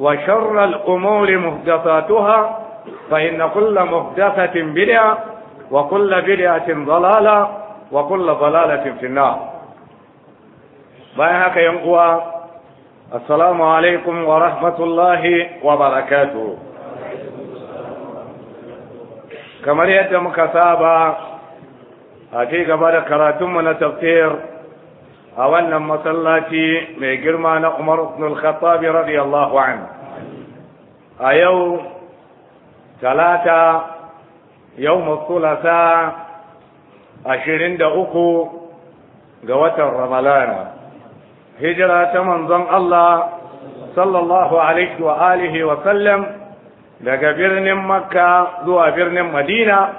وشر الأمور محدثاتها فإن كل محدثة بدعة وكل بدعة ضلالة وكل ضلالة في النار بأيهاك ينقوى السلام عليكم ورحمة الله وبركاته كما رأيت مكتابة أتيك بعد كراتم تفسير a wannan masallaci mai girma na Umar ibn al-Khattab radiyallahu anhu a yau talata yau matsulasa ashirin da uku ga watan ramalana hijira ta manzon Allah sallallahu alaihi wa alihi wa sallam daga birnin makka zuwa birnin madina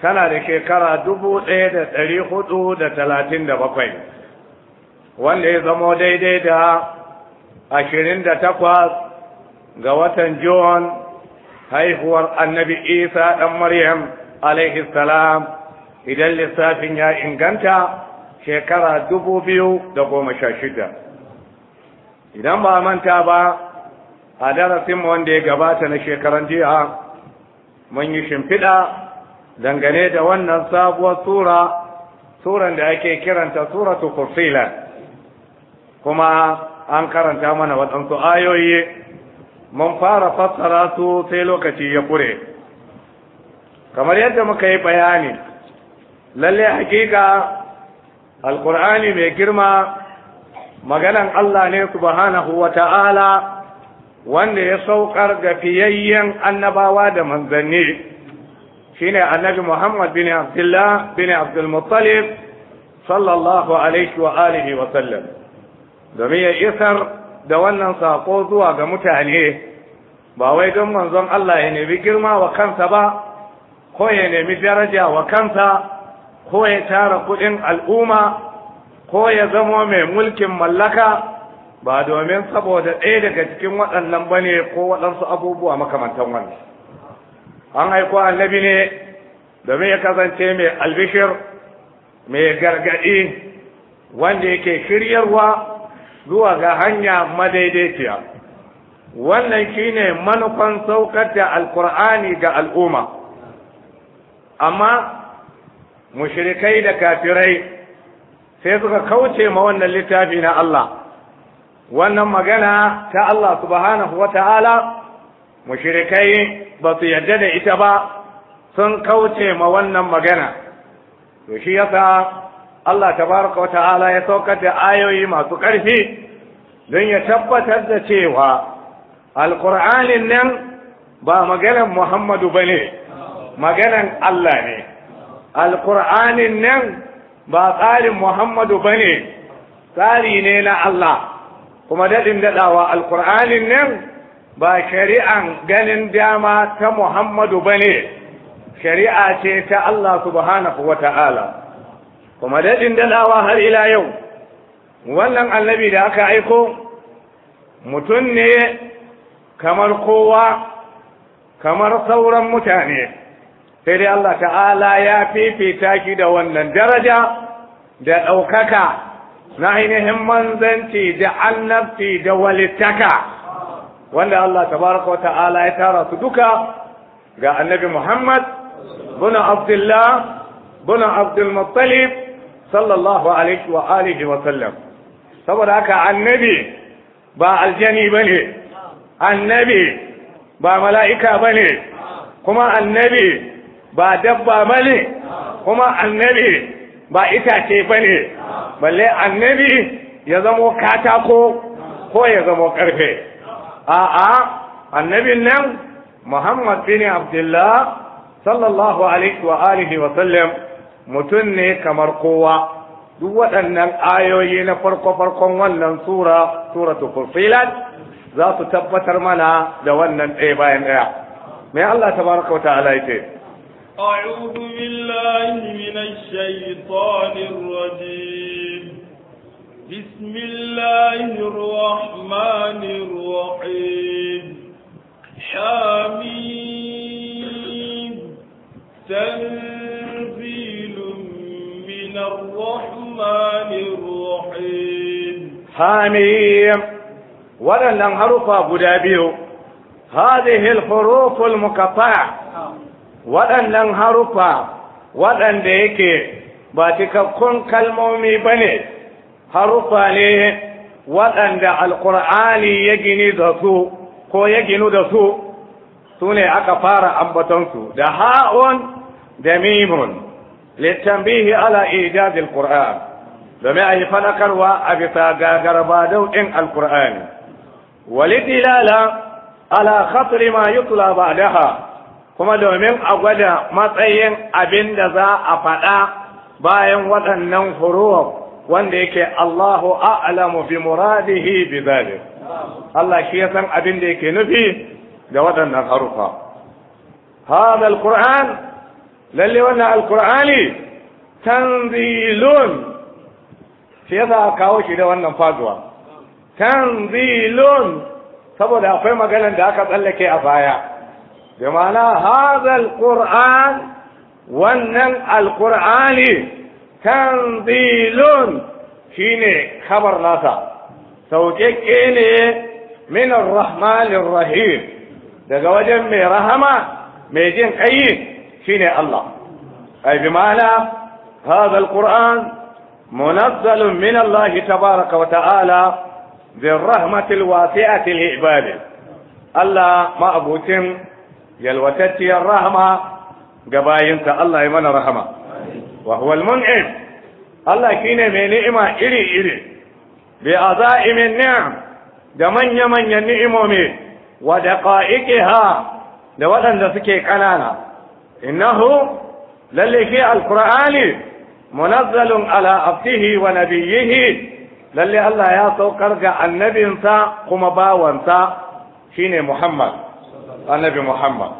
tana da shekara dubu ɗaya da ɗari hudu da talatin da bakwai wanda ya zamo daidai da ashirin da takwas ga watan John haihuwar annabi Isa ɗan Maryam alaihi salam idan lissafin ya inganta shekara dubu biyu da goma sha shida. Idan ba manta ba a darasinmu wanda ya gabata na shekaran jiya mun yi shimfiɗa dangane da wannan sabuwar sura suran da ake kiranta suratu kursila kuma an karanta mana waɗansu ayoyi mun fara fassara su sai lokaci ya kure kamar yadda muka yi bayani lalle hakika alkur'ani mai girma maganan Allah ne subhanahu wa ta'ala wanda ya saukar ga fiyayyen annabawa da manzanni shine annabi Muhammad bin Abdullah bin sallallahu alaihi wa alihi wa sallam domin ya isar da wannan sako zuwa ga mutane ba wai don manzon Allah ya nemi girma wa kansa ba ko ya nemi daraja wa kansa ko ya tara kuɗin al'umma ko ya zamo mai mulkin mallaka ba domin saboda ɗaya daga cikin waɗannan ba ne ko waɗansu abubuwa makamantan wannan an haiko annabi ne domin ya kasance mai albishir mai gargaɗi wanda yake shiryarwa zuwa ga hanya madaidaiciya wannan shine manufan saukar da alkur'ani ga al'umma amma mushrikai da kafirai sai suka kauce ma wannan littafi na Allah wannan magana ta Allah subhanahu wa ta'ala mushrikai ba su yadda da ita ba sun kauce ma wannan magana to shi yasa Allah tabaraka wa ta'ala ya saukar da ayoyi masu ƙarfi don ya tabbatar da cewa alƙur'anin nan ba maganan Muhammadu ba ne maganan Allah ne alƙur'anin nan ba tsarin Muhammadu ba ne tsari ne na Allah kuma daɗin daɗawa alƙur'anin nan ba shari'an ganin dama ta Muhammadu ba ne shari'a ce ta Allah subhanahu wa ta'ala kuma daɗin daɗawa har ila yau wannan annabi da aka aiko mutum ne kamar kowa kamar sauran mutane sai dai Allah ta'ala ya fifita ki da wannan daraja da ɗaukaka na ainihin manzanci da annabci da walittaka wanda Allah tabaraka wa ta'ala ya tara su duka ga annabi Muhammad bin Abdullah bin Abdul Muttalib sallallahu alaihi wa alihi wa sallam saboda haka annabi ba aljani bane annabi ba mala'ika bane kuma annabi ba dabba bane kuma annabi ba itace bane balle annabi ya zamo katako ko ya zamo karfe a'a annabin nan Muhammad bin Abdullah sallallahu alaihi wa alihi wa sallam mutum ne kamar kowa duk waɗannan ayoyi na farko-farkon wannan tura suratu fusilat za su tabbatar mana da wannan ɗaya bayan ɗaya mai Allah ta wa ta'ala yake أعوذ بالله من الشيطان الرجيم بسم الله الرحمن الرحيم حميد الرحمن الرحيم حميم ولن حرف غدابيو هذه الحروف المكفاة ولن حرف ولن ديك باتك كن كالمومي بني حرف عليه ولن دع القرآن يجني دسو كو يجني دسو سوني أكفار su دهاء دميمون littambihi ala ijaz alquran domin ayi fadakarwa a bisa gagarba dau'in alqur'ani walidilala ala khatri ma yutla ba'daha kuma domin a gwada matsayin abin da za a faɗa bayan waɗannan furuwa wanda yake Allahu a'lamu bi muradihi bi zalik Allah shi ya san abin da yake nufi da waɗannan harufa هذا القرآن lalle wannan alkur'ani tanzilun shi yasa kawo shi da wannan faduwa tanzilun saboda akwai maganar da aka tsallake a baya bi ma'ana hadha alquran wannan alqur'ani tanzilun shine kabar nasa sauƙaƙe ne min rahmanir rahim daga wajen mai rahama mai jin ƙayi shine Allah ay bi ma'ana munazzalun min Allah tabaraka wa ta'ala bi rahmatil wasi'ati li rahma ga bayinsa Allah ya iri iri bi azaimin ni'am da waɗanda suke إنه للي في القرآن منزل على عبده ونبيه للي الله يا سوكر النبي انت قم باوانت شيني محمد النبي محمد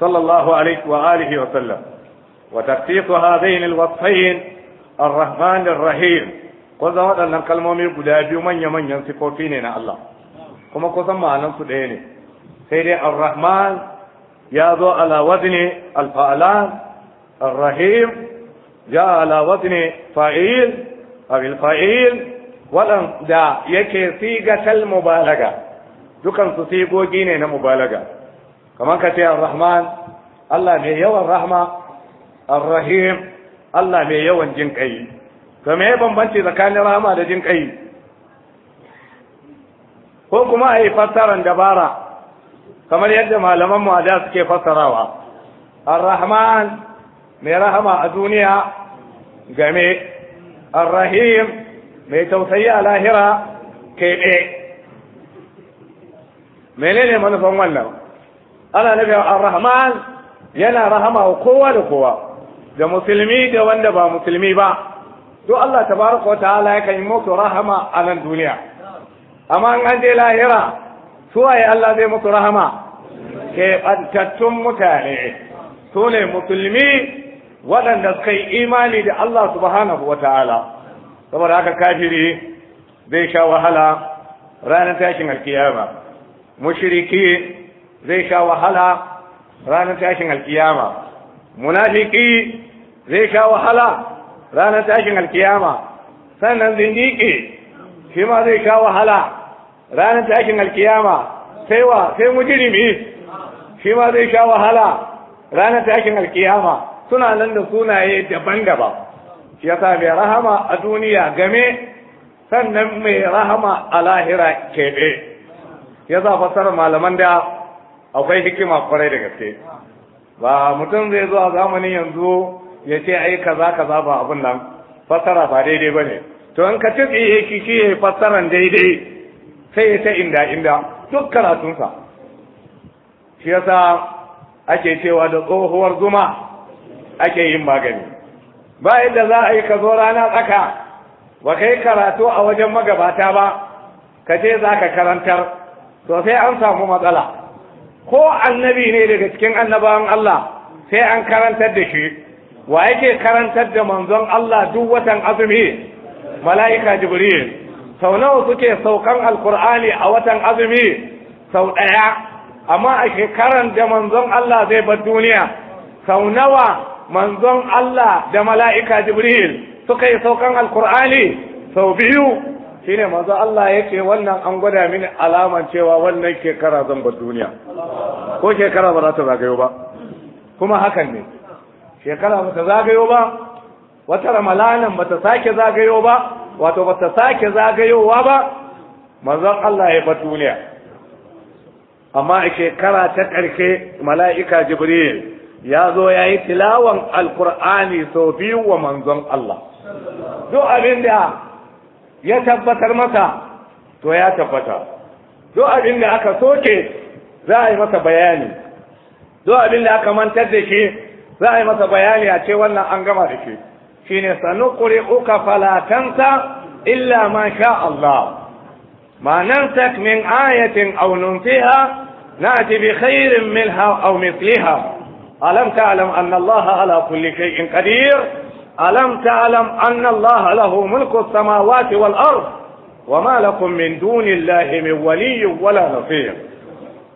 صلى الله عليه وآله وسلم وتخصيص هذين الوصفين الرحمن الرحيم kusan waɗannan kalmomi guda biyu manya يمن sifofi ne na Allah kuma kusan ma'anansu ɗaya سيدي الرحمن يا ذو على وزن الفعلان الرحيم جاء على وزن فعيل أو الفعيل ولن دا يكي صيغة المبالغة دكان صيغو جينينا مبالغة كما كتير الرحمن الله مي يوم الرحمة الرحيم الله مي يوم جنكي فما يبن بنتي ذكاني رحمة جنكي ko kuma a yi fassarar dabara kamar yadda malaman mu da suke fassarawa ar-rahman mai rahama a duniya game ar-rahim mai tausayi a lahira keɓe menene manufan wannan ana nufin ar-rahman yana rahama wa kowa da kowa da musulmi da wanda ba musulmi ba duk Allah tabaraka wa ta'ala yakan yi rahama a nan duniya amma an je lahira suwaye Allah zai musu rahama keɓantattun mutane su ne musulmi waɗanda suka yi imani da Allah subhanahu wa ta'ala saboda haka kafiri zai sha wahala ranar tashin alkiyama mushiriki zai sha wahala ranar tashin alkiyama munafiki zai sha wahala ranar tashin alkiyama sannan zindiki shi ma zai sha wahala ranar takin alkiyama sai wa sai mujrimi shi ma zai sha wahala ranar takin alkiyama suna nan da sunaye daban-daban shi yasa mai rahama a duniya game sannan mai rahama a lahira keɓe ya za fasarar malaman da akwai hikima kwarai da gaske ba mutum zai zo a zamanin yanzu ya ce ai kaza kaza ba abin nan fasara ba daidai ba ne to in ka ci tsaye kiki ya fassaran daidai sai ya ta inda inda duk karatunsa shi yasa ake cewa da tsohuwar zuma ake yin magani ba yadda za a yi ka zo rana tsaka ba kai karatu a wajen magabata ba ka ce za ka karantar to sai an samu matsala ko annabi ne daga cikin annabawan Allah sai an karantar da shi wa yake karantar da manzon Allah duk watan azumi mala'ika jibril sau nawa suke saukan alkur'ani a watan azumi sau ɗaya amma a shekaran da manzon Allah zai bar duniya sau nawa manzon Allah da mala'ika jibril suka yi saukan alkur'ani sau biyu shine manzo Allah ya ce wannan an gwada mini alaman cewa wannan shekara zan bar duniya ko shekara ba za ta zagayo ba kuma hakan ne shekara ba ta zagayo ba wata ramalanan ba ta sake zagayo ba wato ba ta sake zagayowa ba manzon Allah ya bar duniya amma a shekara ta ƙarshe mala'ika jibril ya zo ya yi tilawan alkur'ani sau biyu wa manzon Allah duk abin da ya tabbatar masa to ya tabbata duk abin da aka soke za a yi masa bayani duk abin da aka mantar da ke za a yi masa bayani a ce wannan an gama da ke shine sanuqri'uka fala tansa illa ma sha Allah ma nansak min ayatin aw nunsiha na'ti bi khairin minha aw mithliha ألم تعلم أن الله على كل شيء قدير ألم تعلم أن الله له ملك السماوات والأرض وما لكم من دون الله من ولي ولا نصير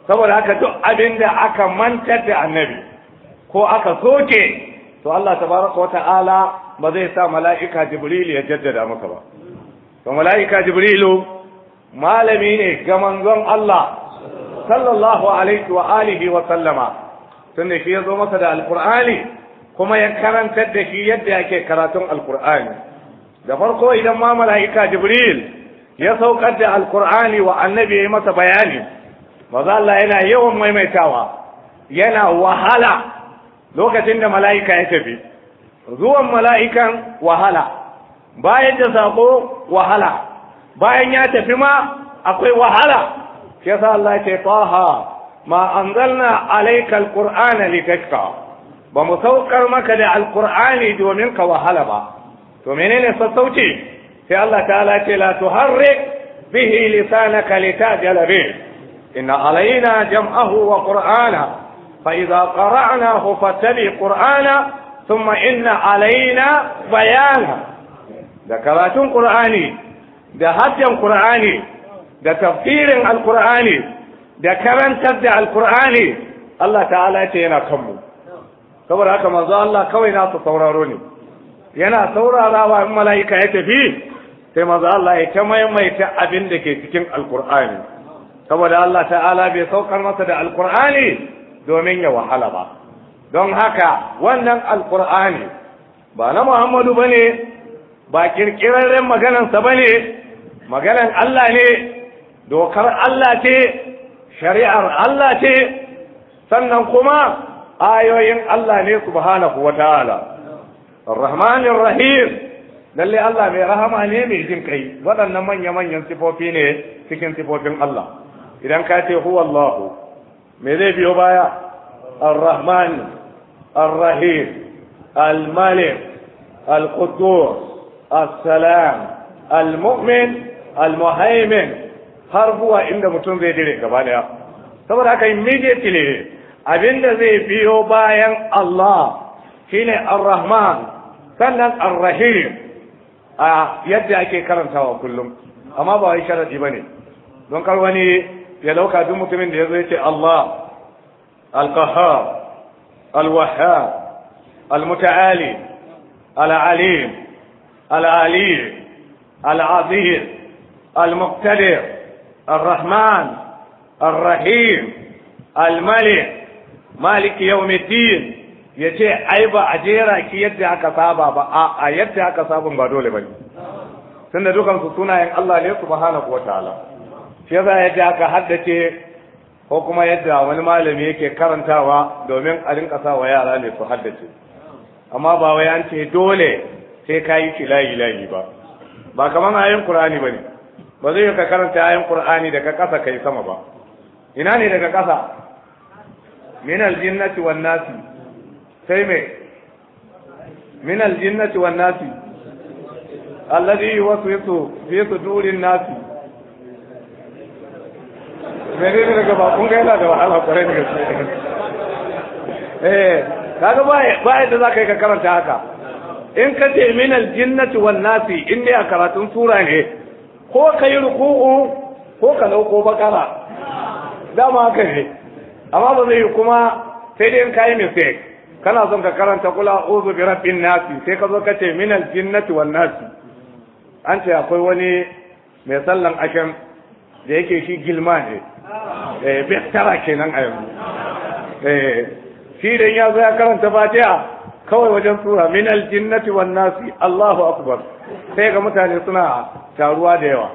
saboda haka duk abin da aka mantar da annabi ko aka soke to Allah tabaraka wata'ala ba zai sa mala'ika jibril ya jaddada maka ba Ba mala'ika jibrilu malami ne ga manzon Allah sallallahu alaihi wa alihi wa sallama tunda shi ya zo masa da alkur'ani kuma ya karantar da shi yadda yake karatun alkur'ani da farko idan ma mala'ika jibril ya saukar da alkur'ani wa annabi ya yi masa bayani maza Allah yana yawan maimaitawa yana wahala lokacin da mala'ika ya tafi zuwan mala'ikan wahala bayan da sako wahala bayan ya tafi ma akwai wahala shi yasa Allah ce taha ma anzalna alayka alqur'ana litashqa ba mu saukar maka da alqur'ani domin ka wahala ba to menene sassauci sai Allah ta'ala ce la tuharrik bihi lisanaka litajala bih inna alaina jam'ahu wa qur'ana fa idza qara'nahu fattabi qur'ana ثم إن alaina bayana. da karatun Qur'ani da hajjan Kur'ani, da tafsirin Al-Qur'ani da karantar da Al-Qur'ani Allah ta'ala ce yana kanmu saboda haka manzo Allah kawai na sauraro ne yana saurarawa in mala'ika ya tafi sai manzo Allah ya ta maimaita abin da ke cikin Al-Qur'ani saboda Allah ta'ala bai saukar masa da Al-Qur'ani domin ya wahala ba don haka wannan alkur'ani ba na muhammadu ba ne ba kirkirarren maganansa ba ne maganan allah ne dokar allah ce shari'ar allah ce sannan kuma ayoyin allah ne subhanahu wa ta'ala rahmanin rahim lalle allah mai rahama ne mai jin kai waɗannan manya-manyan sifofi ne cikin sifofin allah idan ka ce huwa allahu me zai biyo baya ar الرهيب الملك القدوس السلام المؤمن المهيمن har zuwa inda mutum zai dire gaba daya saboda haka immediately abinda zai biyo bayan Allah shine Ar-Rahman sannan ar a yadda ake karantawa kullum amma ba wai sharadi bane don kar wani ya mutumin da yazo yace Allah al الوهاب المتعالي العليم العلي العظيم المقتدر الرحمن الرحيم الملك مالك يوم الدين يجي عيبا عجيرا كي يدعى كتابا با يدعى كتابا با دول بني سنة دوكم سسونا الله ليه سبحانه وتعالى شيئا يدعى كحد ko kuma yadda wani malami yake karantawa domin a rinka sa wa yara ne su haddace amma ba wai an ce dole sai ka yi ilahi ilahi ba ba kamar ayin qur'ani ba ne ba zai ka karanta ayin qur'ani daga ƙasa kai sama ba ina ne daga ƙasa min aljinnati wan nasi sai me min aljinnati wan nasi alladhi yuwaswisu fi sudurin nasi menene daga gaba kun ga yana da wahala kwarai da gaske eh kaga ba ba yadda zaka yi ka karanta haka in ka ce min aljinnati wan nasi in ne a karatun sura ne ko ka yi ruku'u ko ka dauko bakara dama haka ne amma ba zai yi kuma sai dai in ka yi mistake kana son ka karanta kula uzu bi rabbin nasi sai ka zo ka ce min aljinnati wan nasi an ce akwai wani mai sallan ashen da yake shi gilma ne eh tara kenan a yanzu eh, shi dan ya zo ya karanta fatiha kawai wajen sura min aljinnati wan nasi Allahu akbar sai ga mutane suna taruwa da yawa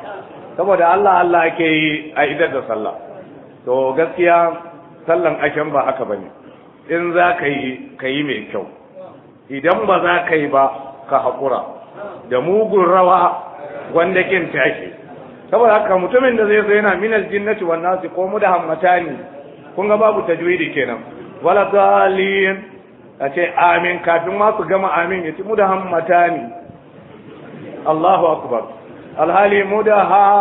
saboda Allah Allah ake yi a idar da sallah to gaskiya sallan ashen ba haka bane in za ka yi ka yi mai kyau idan ba za ka yi ba ka haƙura da mugun rawa wanda kin tashi saboda haka mutumin da zai zo yana minal jinnati wal nasi ko ne. kun ga babu tajwidi kenan wala dalin a ce amin kafin ma su gama amin ya ce ne. Allahu akbar alhali mudahhammatan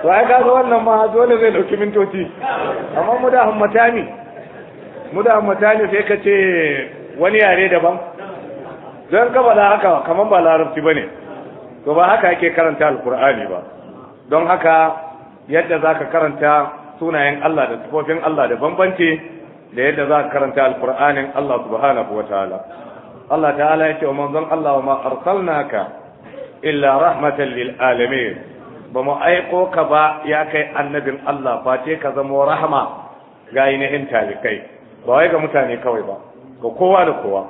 to ai kaga wannan ma dole zai dauki mintoci amma mu da ne. mu da ne sai ka ce wani yare daban don ka bala haka kamar ba larabci ba ne to ba haka yake karanta alkur'ani ba don haka yadda za ka karanta sunayen Allah da sifofin Allah da bambanci da yadda za ka karanta alkur'anin Allah subhanahu wa ta'ala Allah ta'ala ya ce wa manzon Allah wa ma arsalnaka illa rahmatan lil alamin ba mu aiko ka ba ya kai annabin Allah face ka zama rahama ga ainihin talikai ba wai ga mutane kawai ba ga kowa da kowa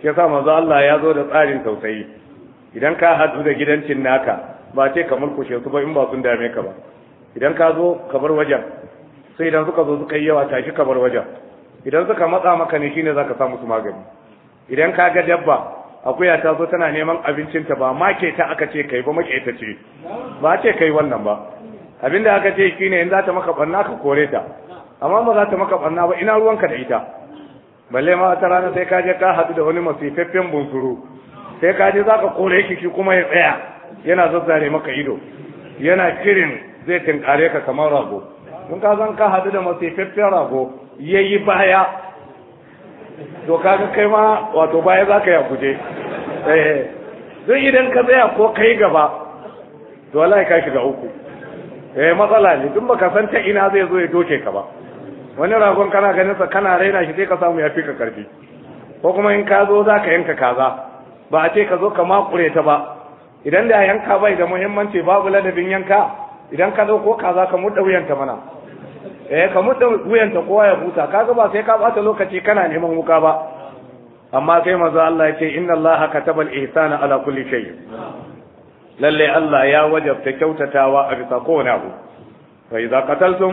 shi yasa manzo Allah ya zo da tsarin tausayi idan ka hadu da gidancin naka ba ce ka mulkushe su ba in ba sun dame ka ba idan ka zo ka bar wajen sai idan suka zo suka yi yawa tashi ka bar wajen idan suka matsa maka ne shine zaka sa musu magani idan ka ga dabba akuya ta zo tana neman abincin ta ba ma ke ta aka ce kai ba ta ce ba ce kai wannan ba abinda aka ce shine in za ta maka banna ka kore ta amma ba za ta maka banna ba ina ruwanka da ita balle ma wata rana sai ka je ka haɗu da wani masifaffen bunsuru sai ka je zaka kore shi shi kuma ya tsaya yana zazzare maka ido yana kirin zai tinkare ka kamar rago in ka zan ka haɗu da masifaffen rago yayi baya to ka ga kai ma wato baya zaka ya guje eh don idan ka tsaya ko kai gaba to wallahi ka shiga uku eh matsala ne duk baka san ta ina zai zo ya doke ka ba wani ragon kana ganinsa, kana raina shi sai ka samu ya fi ka karfi ko kuma in ka zo za ka yanka kaza ba a ce ka zo ka makure ta ba idan da yanka bai da muhimmanci babu ladabin yanka idan ka zo ko kaza ka mudda wuyanta mana eh ka mudda wuyanta kowa ya huta kaga ba sai ka bata lokaci kana neman wuka ba amma sai manzo Allah ya ce inna Allah kataba al-ihsana ala kulli shay lalle Allah ya wajabta kyautatawa a bisa kowane abu fa idza qataltum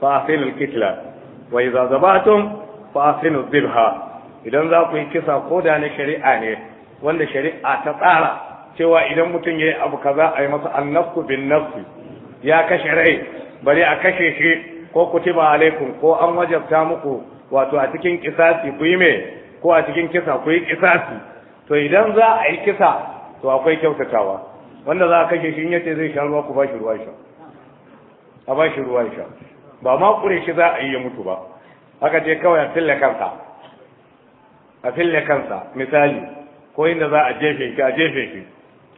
fa ahsinul qitla Wai idza zabatum fa asinu zibha idan za ku yi kisa ko da na shari'a ne wanda shari'a ta tsara cewa idan mutum yayi abu kaza a yi masa annafsu bin nafsi ya kashe rai bari a kashe shi ko kutiba alaikum ko an wajabta muku wato a cikin kisasi ku yi me ko a cikin kisa ku yi kisasi to idan za a yi kisa to akwai kyautatawa wanda za a kashe shi in yace zai sha ruwa ku ba shi ruwa sha ba shi ruwa sha ba ma kure shi za a yi ya mutu ba haka ce kawai a fille kansa a fille kansa misali ko inda za a jefe shi a jefe shi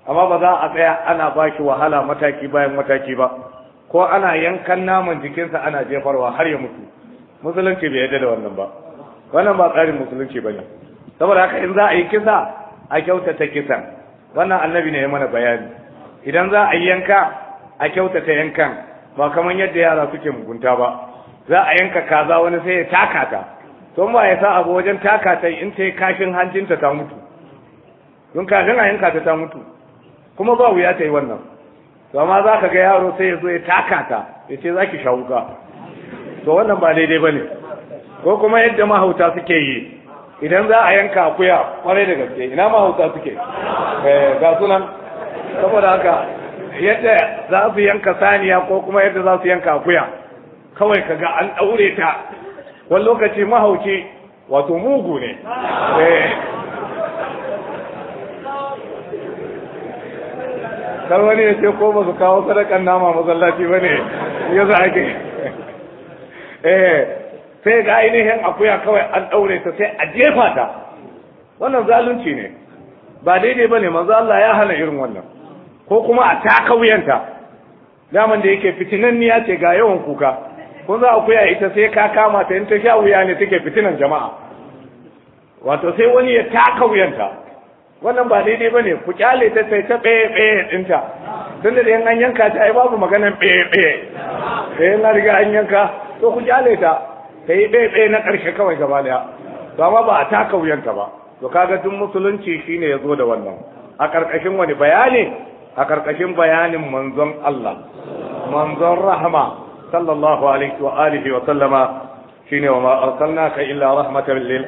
amma ba za a tsaya ana ba shi wahala mataki bayan mataki ba ko ana yankan naman jikinsa ana jefarwa har ya mutu musulunci bai yadda da wannan ba wannan ba tsarin musulunci ba ne saboda haka in za a yi kisa a kyautata kisan wannan annabi ne ya mana bayani idan za a yi yanka a kyautata yankan ba kamar yadda yara suke mugunta ba za a yanka kaza wani sai ya taka ta to ba ya sa abu wajen taka ta in ta yi kashin hancinta ta mutu don kashin a yanka ta ta mutu kuma ba wuya ta yi wannan to amma za ka ga yaro sai ya zo ya taka ta ya ce za ki sha wuka to wannan ba daidai ba ne ko kuma yadda mahauta suke yi idan za a yanka akuya kwarai da gaske ina mahauta suke eh, ga sunan saboda haka yadda za su yanka saniya ko kuma yadda za su yanka akuya kawai kaga an ɗaure ta wani lokaci mahauci wato mugu ne eh. kar wani ya ce ko ba su kawo sadakan nama masallaci ba ne ya za ake eh sai ga ainihin akuya kawai an ɗaure ta sai a jefa ta wannan zalunci ne ba daidai ba ne manzo Allah ya hana irin wannan ko kuma a taka wuyanta daman da yake fitinanniya ce ga yawan kuka kun za a kuya ita sai ka kama ta in ta sha wuya ne take fitinan jama'a wato sai wani ya taka wuyanta wannan ba daidai ba ne ku kyale ta sai ta ɓeye ɗinta tun da an yanka ta ai babu maganan ɓeye ɓeye sai na riga an yanka to ku kyale ta ta yi ɓeye na ƙarshe kawai gaba ɗaya to amma ba a taka wuyanta ba to kaga tun musulunci shine ya zo da wannan a ƙarƙashin wani bayani a ƙarƙashin bayanin manzon Allah manzon rahma sallallahu alaihi wa alihi wa sallama shine wa ma arsalnaka illa rahmatan lil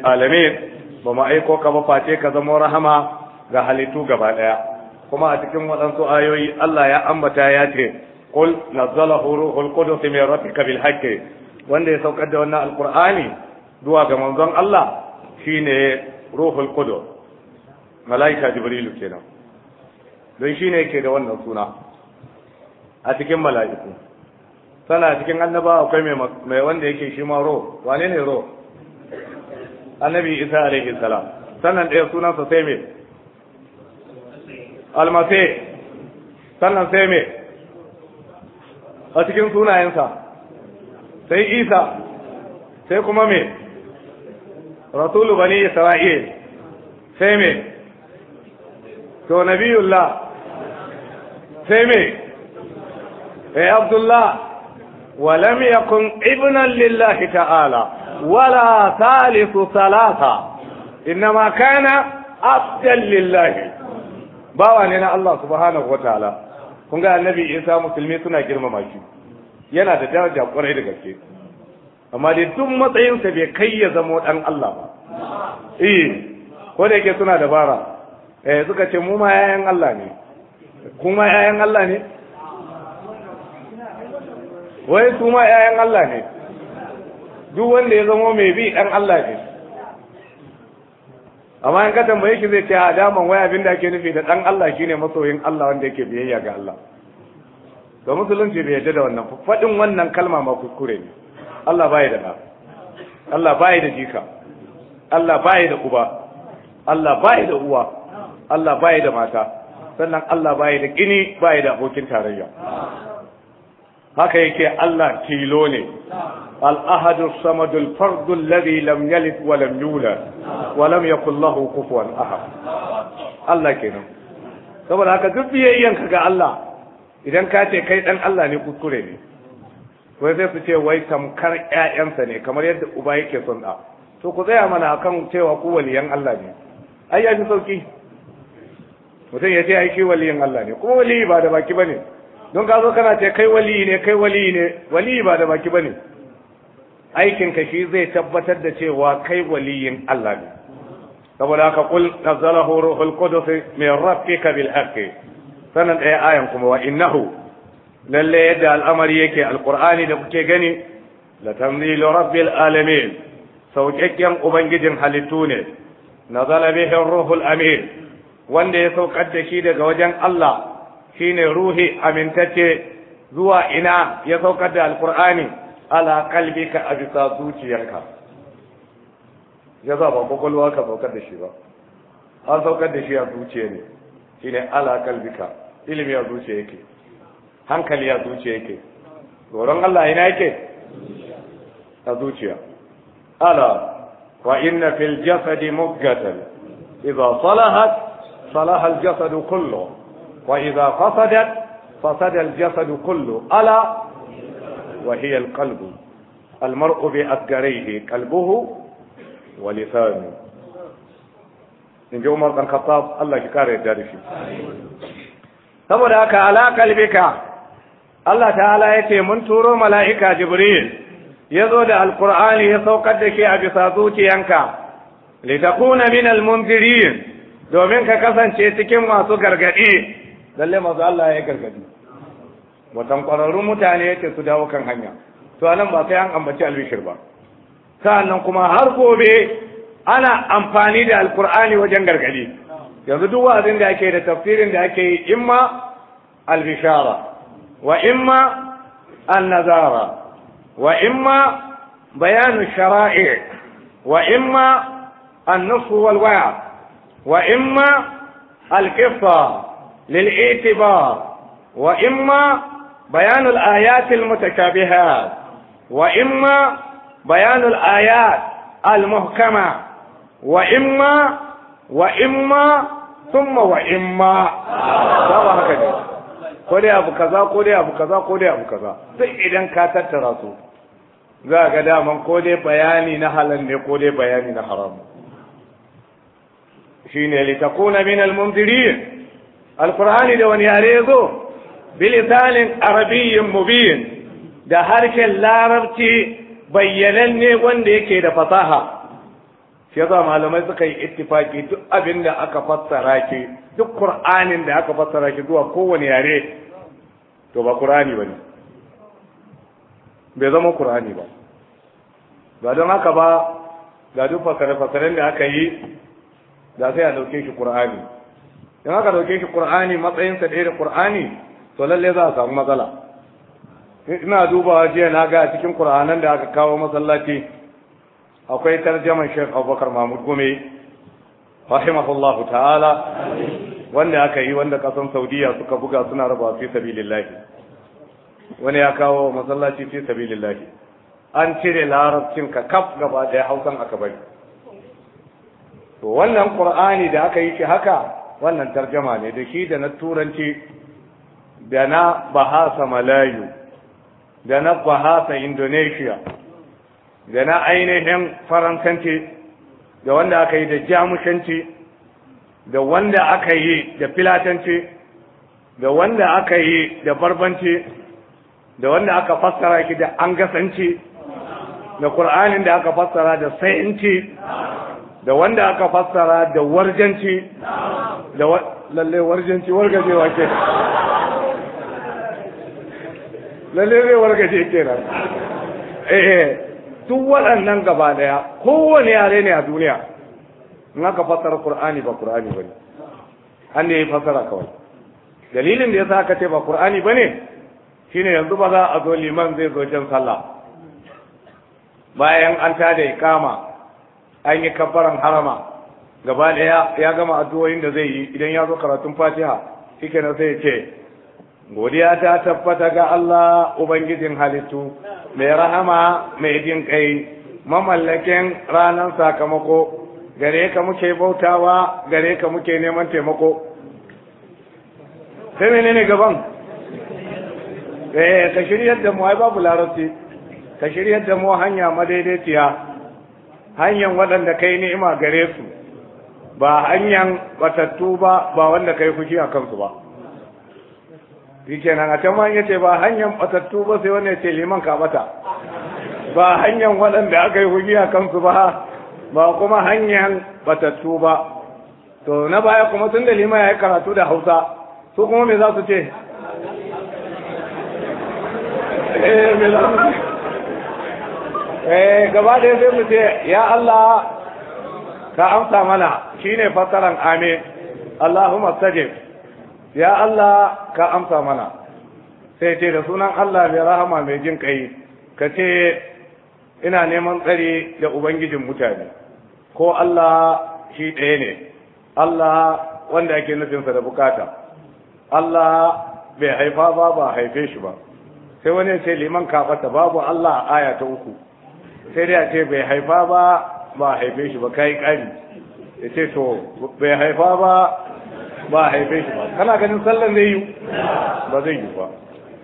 ba mu aiko ka ba face ka zama rahama ga halittu gaba ɗaya kuma a cikin waɗansu ayoyi Allah ya ambata ya ce qul nazzalahu ruhul qudus min rabbika bil haqqi wanda ya saukar da wannan alƙur'ani zuwa ga manzon Allah shine ruhul qudus malaika jibrilu kenan don shi ne yake da wannan suna a cikin mala'iku sana cikin annaba akwai mai wanda yake shi ma ro wane ne ro annabi isa alaihi salam sannan ɗaya sunansa sai me almasai sannan sai me a cikin sunayensa sai isa sai kuma me rasulu bani isra'il sai me to nabiyullah sai me sai abdullah ولم يكن ابنا لله تعالى ولا ثالث ثلاثة إنما كان ne na Allah الله سبحانه وتعالى kun ga annabi isa musulmi suna girmama shi yana da daraja kwarai da gaske amma dai duk matsayinsa bai kai ya zamo dan Allah ba eh ko da yake suna dabara eh suka ce mu ma yayan Allah ne kuma ‘ya'yan Allah ne? wai kuma ‘ya'yan Allah ne duk wanda ya zama mai bi ɗan Allah ne amma in ka tambaye shi zai ce a daman waya abin da ake nufi da ɗan Allah shine masoyin Allah wanda yake biyayya ga Allah ga musulunci bai yarda da wannan faɗin wannan kalma ma kuskure ne Allah baya da na. Allah baya da jika Allah bai da uba Allah baya da uwa Allah baya da mata sannan Allah baya da kini baya da abokin tarayya haka yake Allah tilo ne al-fardu alladhi lam yalid wa lam yulad wa lam yakul lahu kufuwan ahad Allah kenan saboda haka duk ka ga Allah idan ka ce kai dan Allah ne kuskure ne ko sai su ce wai tamkar ƴaƴansa ne kamar yadda uba yake son da to ku tsaya mana akan cewa ku waliyan Allah ne ai ya fi sauki mutum ya ce ai shi waliyin Allah ne kuma wali ba da baki bane don ka zo kana ce kai wali ne kai wali ne wali ba da baki bane aikin ka shi zai tabbatar da cewa kai waliyin Allah ne saboda haka kul nazzalahu ruhul qudus min rabbika bil haqqi sanan ɗaya ayan kuma wa innahu lalle yadda al'amari yake alqur'ani da kuke gani la tanzilu rabbil alamin sauƙaƙƙen ubangijin halittu ne nazala bihi ruhul amin wanda ya saukar da shi daga wajen Allah shine ruhi amintacce zuwa ina ya saukar da alkur'ani ala ka a bisa zuciyarka ya ba kwakwalwa ka saukar da shi ba an saukar da shi a zuciya ne ne ala ka. ilimi a zuciya yake hankali a zuciya yake tsoron Allah ina yake a zuciya ala wa inna fil jasadi mugatan idza salahat صلاح الجسد كله وإذا فسدت فسد الجسد كله ألا وهي القلب المرء بأثقريه قلبه ولسانه من جو مرض الخطاب الله يكار يدارش ثم ذاك على قلبك الله تعالى يتي منتور ملائكة جبريل يزود القرآن يسوقد شيئا بصادوتي أنك لتكون من المنذرين domin ka kasance cikin masu gargadi lalle masu Allah ya gargadi wadan kwararru mutane yake su dawo kan hanya to anan ba sai an ambaci albishir ba sa'annan kuma har gobe ana amfani da alkur'ani wajen gargadi yanzu duk wa'azin da ake da tafsirin da ake yi imma albishara wa imma annazara wa imma bayanu shara'i wa imma annasu wal والوعد وإما الكفة للإعتبار وإما بيان الآيات المتشابهات وإما بيان الآيات المحكمة وإما وإما ثم وإما هكذا قولي أبو كذا قولي أبو كذا قولي أبو كذا سيدا كاتت رسول ذاك دائما قولي بياني نهلا قولي بياني نحرمه shine litakuna min al alqur'ani da wani yare zo bilisanin arabiyyin mubin da harshen larabci ne wanda yake da fasaha shi yasa malamai suka yi ittifaki duk abin da aka fassara ki duk qur'anin da aka fassara ki zuwa kowane yare to ba qur'ani bane bai zama qur'ani ba ba don haka ba ga duk fasare-fasaren da aka yi da sai a dauke shi qur'ani in aka dauke shi qur'ani matsayin sa da qur'ani to lalle za a samu matsala ina dubawa jiya na ga cikin qur'anan da aka kawo masallaci akwai tarjaman Sheikh Abubakar Mahmud Gome rahimahullahu ta'ala wanda aka yi wanda kasan Saudiya suka buga suna raba fi sabilillah wani ya kawo masallaci fi sabilillah an cire larabcin ka kaf gaba daya hausan aka bari to wannan qur'ani da aka yi shi haka wannan tarjama ne da shi da na turanci da na bahasa malayu da na bahasa indonesia da na ainihin faransanci da wanda aka yi da jamushanci da wanda aka yi da filatanci da wanda aka yi da barbanci da wanda aka fassara ki da angasanci da ƙur'anin da aka fassara da sayanci da wanda aka fassara da warjanci da lalle warjanci wargajewa ke lalle zai wargaje nan eh duk waɗannan gaba daya kowane yare ne a duniya in aka fassara qur'ani ba qur'ani bane an ne fassara kawai dalilin da yasa aka ce ba qur'ani bane shine yanzu ba za a zo liman zai zo jan sallah bayan an tada ikama an yi kafaran harama gaba daya ya gama addu'o'in da zai yi idan ya zo karatun fatiha na sai ce godiya ta tabbata ga Allah ubangijin halittu mai rahama mai jin kai mamallakin ranar sakamako gare ka muke bautawa gare ka muke neman taimako sai menene gaban eh ka shiryar da mu ai babu larabci ka shiryar da mu hanya madaidaiciya hanyar waɗanda kai ni'ima gare su ba hanyar batattu ba ba wanda kai fushi a kansu ba shi nan a can ma yace ba hanyar batattu ba sai wanda yace liman ka bata ba hanyar waɗanda aka yi fushi a kansu ba ba kuma hanyar batattu ba to na baya kuma tun da liman ya yi karatu da hausa su kuma me za su ce eh me za su ce eh gaba da sai mu ce ya Allah ka amsa mana shine fasaran amin Allahumma stajib ya Allah ka amsa mana sai ce da sunan Allah mai rahama mai jin kai ka ce ina neman tsari da ubangijin mutane ko Allah shi ɗaya ne Allah wanda ake nufinsa da bukata Allah bai haifa ba ba haife shi ba sai wani ya ce liman kafata babu Allah a aya ta uku sai dai a ce bai haifa ba ba haife shi ba kai kari ya ce to bai haifa ba ba haife shi ba kana ganin sallan zai yi ba zai yi ba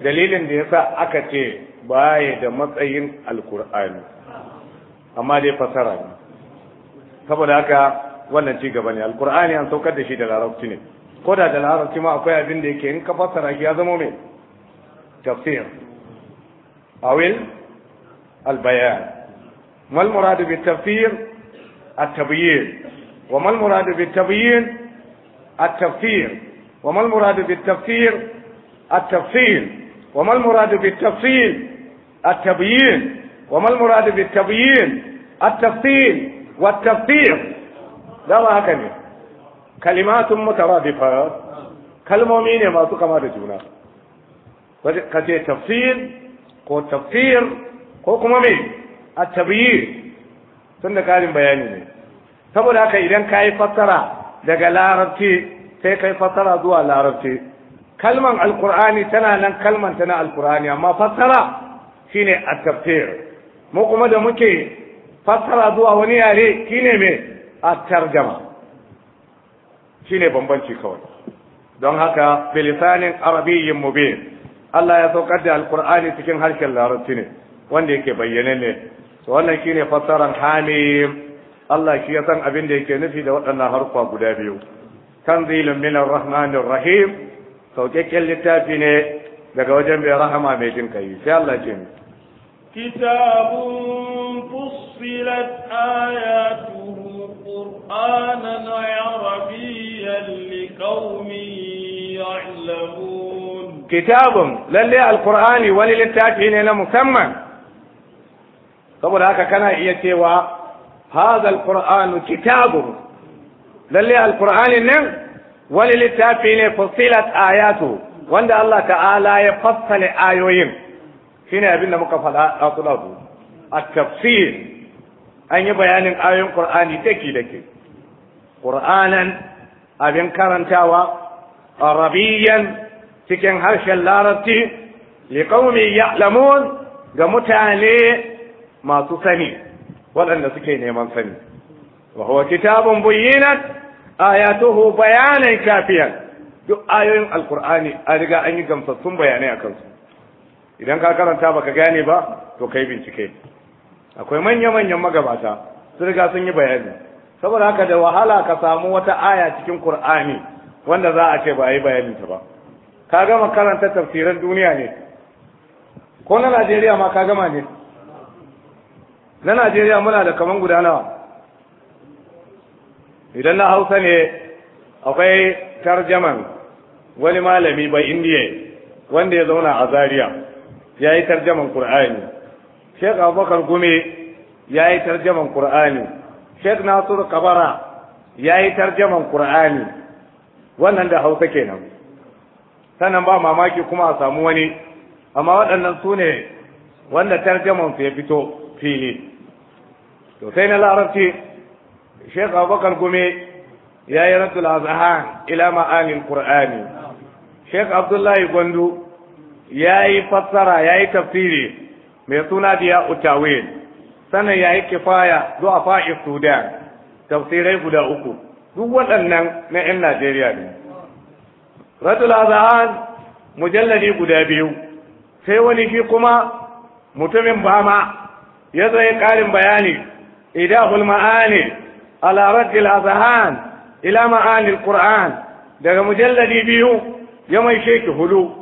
dalilin da ya sa aka ce baya da matsayin alkur'ani amma dai fasara ne saboda haka wannan ci gaba ne alkur'ani an saukar da shi da larabci ne ko da da larabci ma akwai abin da yake yin ka fasara ya zama mai tafsir awil albayan ما المراد بالتفسير التبيين وما المراد بالتبيين التفسير وما المراد بالتفسير التفصيل وما المراد بالتفصيل التبيين وما المراد بالتبيين التفصيل والتفسير لا هكذا كلمات مترادفة كالمؤمنين ما تقام ما تجونا كتير تفصيل كو تفسير كو كمامين at-tabyin tun da karin bayani ne saboda haka idan ka yi fassara daga larabci sai kayi fassara zuwa larabci kalman alkur'ani tana nan kalman tana alkur'ani amma fassara shine at-tafsir mu kuma da muke fassara zuwa wani yare shine me at-tarjama shine bambanci kawai don haka bilisanin arabiyyin mubin Allah ya saukar da alkur'ani cikin harshen larabci ne wanda yake bayyane ne to wannan shine fassaran hamim Allah shi ya san abin da yake nufi da waɗannan harkuwa guda biyu tanzilun minar rahmanir rahim sauƙaƙƙen littafi ne daga wajen bai rahama mai jin kai sai Allah ce ni kitabun fussilat ayatuhu qur'anan arabiyyan liqaumin ya'lamun kitabun lalle alqur'ani wani littafi ne na musamman saboda haka kana iya cewa hadha alqur'anu kitabun lalle alqur'ani nan wani littafi ne fusilat ayatu wanda Allah ta'ala ya fassale ayoyin shine abin da muka faɗa a kulabu A tafsir an yi bayanin ayoyin qur'ani dake dake qur'anan abin karantawa arabiyan cikin harshen larabci liqaumi ya'lamun ga mutane masu sani waɗanda suke neman sani wa huwa kitabun bayyinat ayatuhu bayanan kafiyan duk ayoyin alkur'ani an riga an yi gamsassun bayanai a kansu idan ka karanta baka gane ba to kai bincike akwai manya-manyan magabata Su riga sun yi bayani saboda haka da wahala ka samu wata aya cikin qur'ani wanda za a ce ba yi bayanin ta ba ka gama karanta tafsiran duniya ne ko na najeriya ma ka gama ne na najeriya muna da kaman guda nawa idan na hausa ne akwai tarjaman wani malami bai indiya wanda ya zauna a zariya ya yi tarjaman Kur'ani. abubakar gumi ya yi tarjaman Kur'ani. sheik nasiru kabara ya yi tarjaman Kur'ani. wannan da hausa kenan sannan ba mamaki kuma a samu wani amma waɗannan su ne wanda tarjaman su ya fito fili to sai na larabci Sheikh Abubakar Gume ya yi raddul azhan ila ma'anin Qur'ani Sheikh Abdullahi Gwandu ya yi fassara ya yi tafsiri mai suna diya utawil sannan ya yi kifaya zuwa fa'i Sudan tafsirai guda uku duk waɗannan na 'yan Najeriya ne raddul azhan mujalladi guda biyu sai wani fi kuma mutumin bama ya zai ƙarin bayani إيداه المعاني على رد الأذهان إلى معاني القرآن ده مجلد بيو يوم يشيك هلو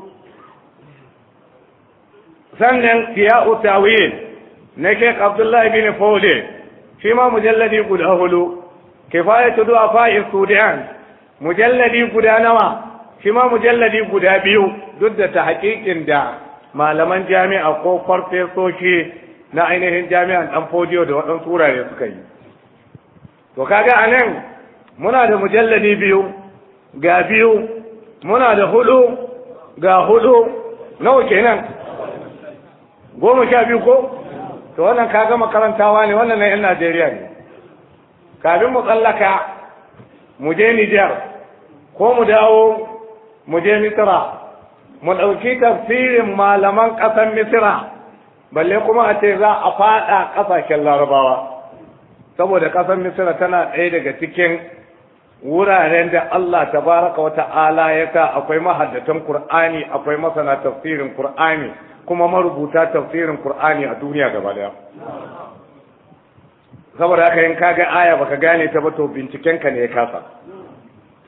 sannan siya'u tawil na Sheikh Abdullah bin Fode shi ma mujalladi guda hulu kifayatu du'a fa'il mujalladi guda nawa shi mujalladi guda biyu duk da ta hakikin da malaman jami'a ko farfesoshi na ainihin jami'an dan fodiyo da waɗansu wurare suka yi to kaga a nan muna da mujalladi biyu ga biyu muna da hudu ga hudu nawa kenan goma sha biyu ko to wannan kaga makarantawa ne wannan na yan najeriya ne kafin mu tsallaka mu je nijar ko mu dawo mu je misira mu ɗauki tafsirin malaman ƙasar misira balle kuma a ce za a faɗa ƙasashen larabawa saboda ƙasar misira tana ɗaya daga cikin wuraren da Allah tabaraka wa ta'ala ya sa akwai mahaddatan Qur'ani akwai masana tafsirin Qur'ani kuma marubuta tafsirin Qur'ani a duniya gaba daya saboda haka in kaga aya baka gane ta ba to binciken ka ne ya kasa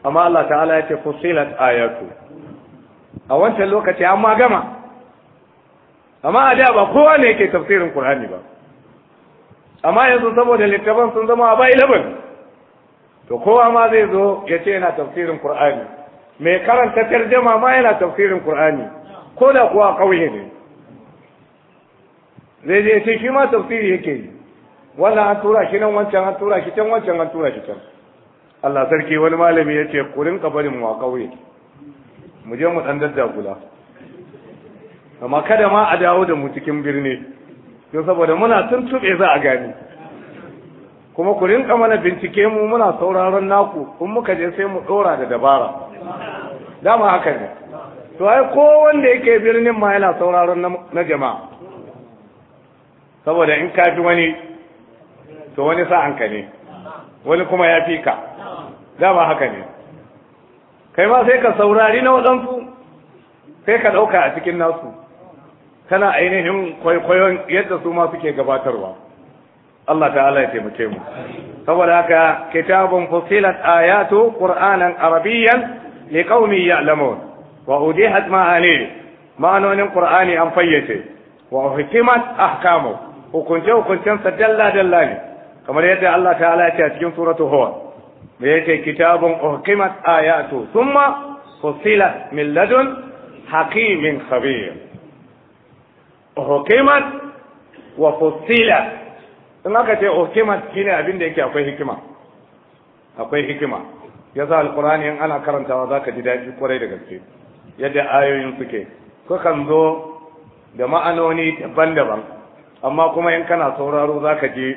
amma Allah ta'ala ya ce fusilat ayatu a wancan lokaci amma gama amma a da ba kowa ne yake tafsirin Qur'ani ba amma yanzu saboda littafin sun zama a bai labin to kowa ma zai zo ya ce yana tafsirin Qur'ani mai karanta tarjama ma yana tafsirin Qur'ani ko da kuwa kauye ne zai je ce shi ma tafsiri yake yi wannan an tura shi nan wancan an tura shi can wancan an tura shi can Allah sarki wani malami ya ce ku rinka barin mu a kauye mu je mu dan daddagula amma kada ma a dawo da mu cikin birni don saboda muna tuntuɓe za a gani kuma ku rinka mana bincike mu muna sauraron naku kun muka je sai mu ɗora da dabara dama haka ne to ai ko wanda yake birnin ma yana sauraron na jama'a saboda in ka fi wani to wani sa'an ka ne wani kuma ya fi ka dama haka ne kai ma sai ka saurari na waɗansu sai ka ɗauka a cikin nasu tana ainihin kwaikwayon yadda su ma suke gabatarwa Allah ta'ala ya taimake mu saboda haka kitabun fusilat ayatu qur'anan arabiyyan liqaumin ya'lamun wa udihat ma'ani ma'anonin qur'ani an fayyace wa hukimat ahkamu hukunce hukuncen sa dalla dalla ne kamar yadda Allah ta'ala ya ce a cikin suratu hud me yake kitabun uhkimat ayatu thumma fusilat min ladun hakimin khabir hukimat wa fusila in aka ce hukimat shine abin da yake akwai hikima akwai hikima yasa alqur'ani in ana karantawa zaka ji daɗi kwarai da gaske yadda ayoyin suke Kukan zo da ma'anoni daban-daban amma kuma in kana sauraro zaka ji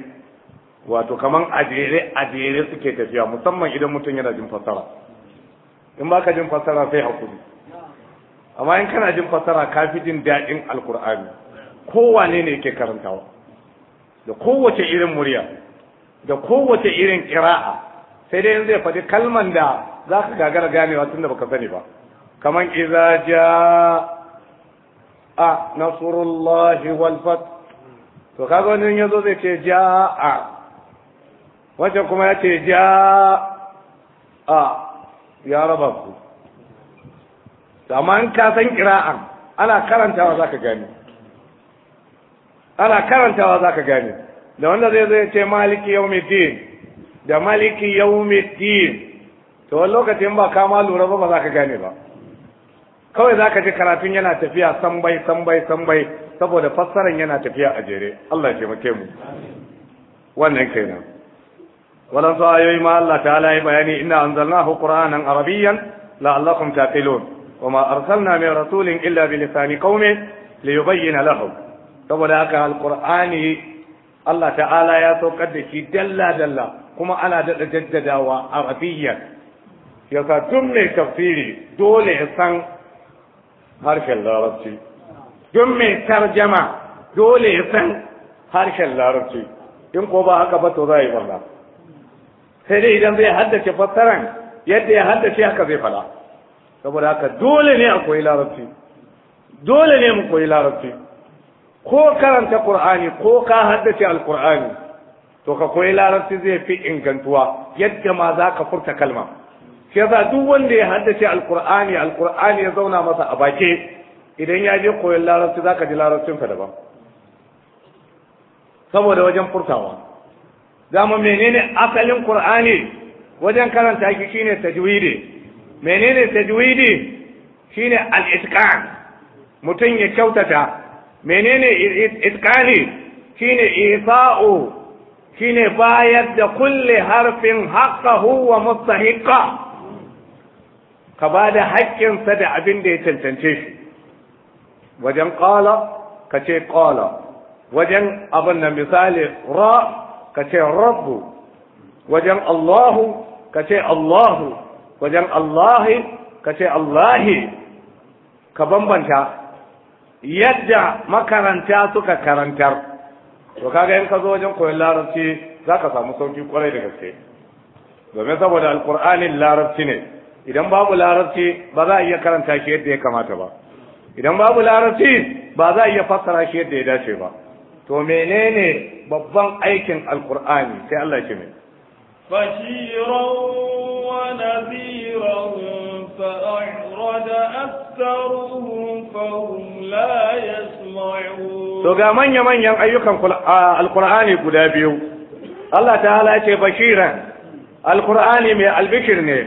wato kaman ajere ajere suke tafiya musamman idan mutum yana jin fassara in baka jin fasara sai hakuri amma in kana jin fasara ka fi jin daɗin alkur'ani kowane ne yake karantawa da kowace irin murya da kowace irin kira'a sai dai zai faɗi kalman da za ka gagara ganewa tunda baka sani ba Kamar iza ja a nasrullahi wal walfat to kaga wani ya zo zai ce a, wancan kuma ya ce a, ya raba ku amma in ka san kira'an ana karantawa za ka gane ana karantawa za ka gane da wanda zai zai ce maliki din. da maliki din. to wani lokacin ba kama lura ba ba za ka gane ba kawai za ka ji karatun yana tafiya sambai sambai sambai saboda fassaran yana tafiya a jere Allah ya taimake mu wannan kenan wannan su ayoyi ma Allah ta'ala ya bayani inna anzalnahu qur'anan arabiyyan la'allakum taqilun wama arsalna min rasulin illa bi lisani qaumi liyubayyana lahum saboda haka alqur'ani Allah ta'ala ya saukar da shi dalla dalla kuma ana daɗa jaddadawa Ya sa tun mai tafsiri dole ya san harshen larabci Tun mai tarjama dole ya san harshen larabci in ko ba haka ba to za a yi barna sai dai idan zai haddace fassaran yadda ya haddace haka zai fada saboda haka dole ne a koyi larabci dole ne mu koyi larabci ko karanta qur'ani ko ka haddace alqur'ani to ka koyi larabci zai fi ingantuwa yadda ma za ka furta kalma shi yasa duk wanda ya haddace alqur'ani alqur'ani ya zauna masa a bake idan ya je koyon larabci za ka ji larabcin ka daban saboda wajen furtawa dama menene asalin qur'ani wajen karanta shi shine tajwidi menene tajwidi shine al-itqan mutum ya kyautata menene itqani shine isa'u shine bayar da kulle harfin haqqahu wa mustahiqqa ka ba da haƙƙinsa da abin da ya cancance shi wajen ƙala ka ce ƙala wajen abin da misali ra ka ce rabbu wajen allahu ka ce allahu wajen allahi ka ce allahi ka bambanta yadda makaranta suka karantar to kaga in ka zo wajen koyon larabci za ka samu sauki kwarai da gaske domin saboda alkur'anin larabci ne idan babu larabci ba za a iya karanta shi yadda ya kamata ba idan babu larabci ba za a iya fassara shi yadda ya dace ba to menene babban aikin alkur'ani sai Allah ya ce mai bashiran wa nadhir أكثرهم to ga manya-manyan ayyukan alkur'ani guda biyu Allah ta ya ce bashiran alkur'ani mai albishir ne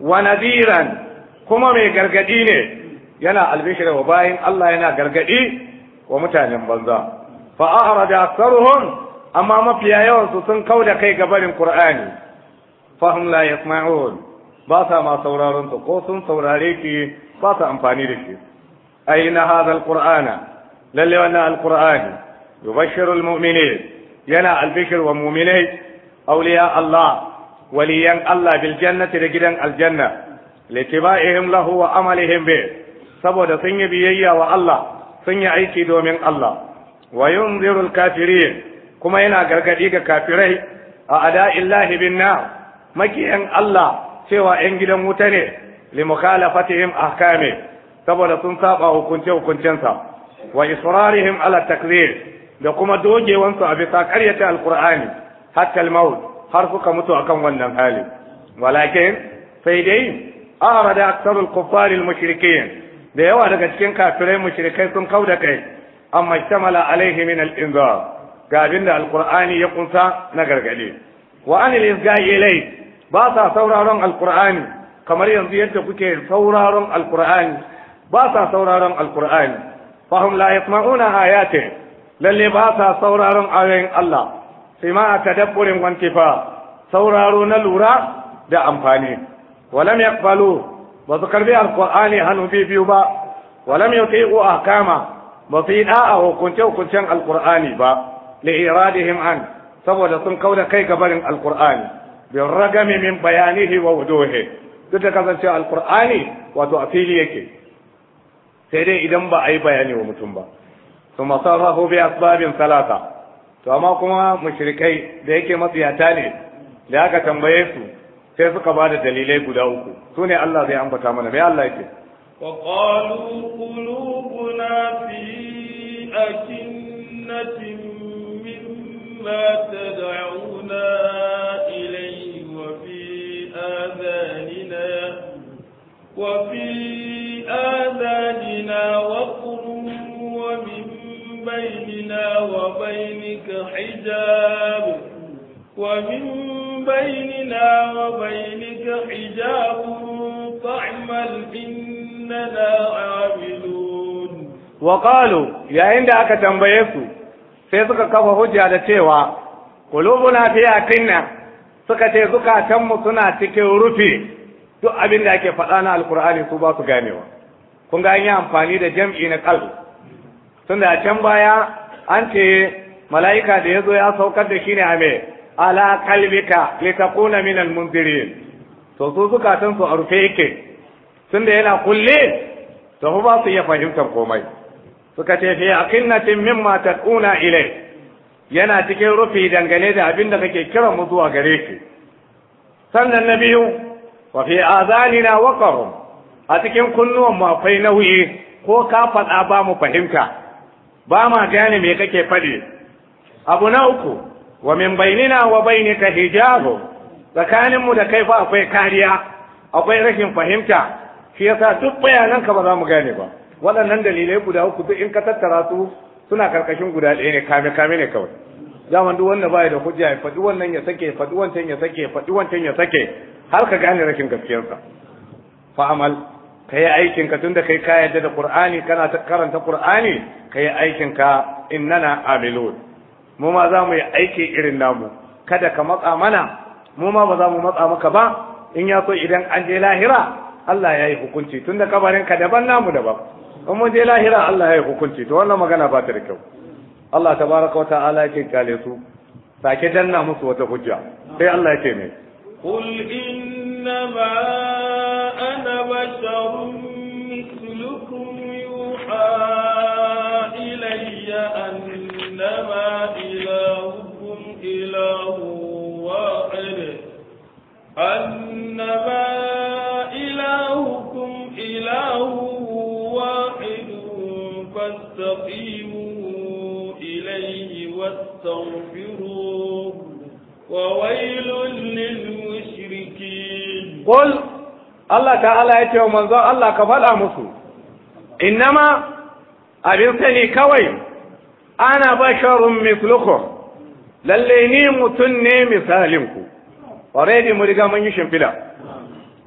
wa nadiran kuma mai gargadi ne yana albishir wa bayan Allah yana gargadi wa mutanen banza fa a'rada aktsaruhum amma mafiya yawan su sun kauda kai gabarin barin fahum la yasma'un ba sa ma sauraron su ko sun saurare ki ba su amfani da shi ai na hadha alqur'ana lalle wannan alqur'ani yubashshiru almu'minin yana albishir wa mu'minai awliya Allah waliyan Allah bil jannati da gidan aljanna litiba'ihim lahu wa amalihim bi saboda sun yi biyayya wa Allah sun yi aiki domin Allah wa yunziru alkafirin kuma yana gargadi ga kafirai a ada'illahi bin nar makiyan Allah cewa ‘yan gidan wuta ne li mukhalafatihim ahkami saboda sun saɓa hukunce hukuncensa wa israrihim ala takzir da kuma dogewansu a bisa karyata alqur'ani hatta almaut har suka mutu akan wannan hali walakin sai dai arada aktsarul kuffar almushrikin da yawa daga cikin kafirai mushrikai sun kauda kai amma ishtamala alaihi min al da ga abinda ya ƙunsa na gargade wa anil izga'i ilai ba sa sauraron alqur'ani kamar yanzu yadda kuke sauraron alkur'ani ba sa sauraron alkur'ani fahim la yasma'una ayati lalle ba sa sauraron ayoyin Allah sai ma a tadabburin fa. sauraro na lura da amfani walam yaqbalu ba su karbi alkur'ani hannu biyu ba walam yuti'u ahkama ba su yi da'a hukunce hukuncen alkur'ani ba li'iradihim an saboda sun kauda kai gabarin alkur'ani bin ragami min bayanihi wa wuduhi duk da kasancewa alkur'ani wato a fili yake sai dai idan ba a yi bayani wa mutum ba su masarrafu bi asbabin salata to amma kuma mushrikai da yake matsiyata ne da aka tambaye su sai suka ba da dalilai guda uku su ne Allah zai ambata mana mai Allah yake وقالوا قلوبنا وفي آذاننا وقر ومن بيننا وبينك حجاب ومن بيننا وبينك حجاب فاعمل إننا عاملون وقالوا يا عند أكا تنبيسوا سيسك كفا هجة لتيوا قلوبنا في أكنا suka ce zukatanmu suna cikin rufe duk abin da ake faɗa na alkur'ani su ba su ganewa kun ga an yi amfani da jam'i na qalb tunda a can baya an ce mala'ika da ya zo ya saukar da shi ne a mai, ala qalbika litakuna minal munzirin to su san su a rufe yake tunda yana kulle to ba su iya fahimtar komai suka ce fi aqinnatin mimma tad'una ilai yana cikin rufi dangane da abin da kake kira mu zuwa gare shi sannan na biyu wa fi azanina waqarun a cikin kunnuwan mu akwai nauyi ko ka faɗa ba mu fahimta ba ma gane me kake faɗi abu na uku wa min bainina wa bainika hijabu tsakanin mu da kai fa akwai kariya akwai rashin fahimta shi yasa duk bayanan ka ba za mu gane ba waɗannan dalilai guda uku duk in ka tattara su suna karkashin guda ɗaya ne kame kame ne kawai zaman duk wanda baya da hujja ya faɗi wannan ya sake faɗi wancan ya sake faɗi wancan ya sake har ka gane rashin gaskiyarsa fa'amal ka yi aikin ka tunda kai ka yarda da qur'ani kana karanta qur'ani ka yi aikin ka innana amilun mu ma za mu yi aiki irin namu kada ka matsa mana mu ma ba za mu matsa maka ba in ya so idan an je lahira Allah ya yi hukunci tunda kabarin ka daban namu daban in mun je lahira Allah ya yi hukunci to wannan magana ba ta da kyau Allah tabaraka wa ta'ala yake kale su sake danna musu wata hujja sai Allah yake ne قل إنما أنا بشر مثلكم يوحى إلي أنما إلهكم إله واحد أنما إلهكم إله واحد فاستقيموا إليه واستغفروه وويل للمؤمنين المشركين قل الله تعالى يتي ومنظر الله كفلا مسو إنما أبنتني كوي أنا بشر مثلكم lalle ni mutum ne misalinku already mu riga mun yi shimfila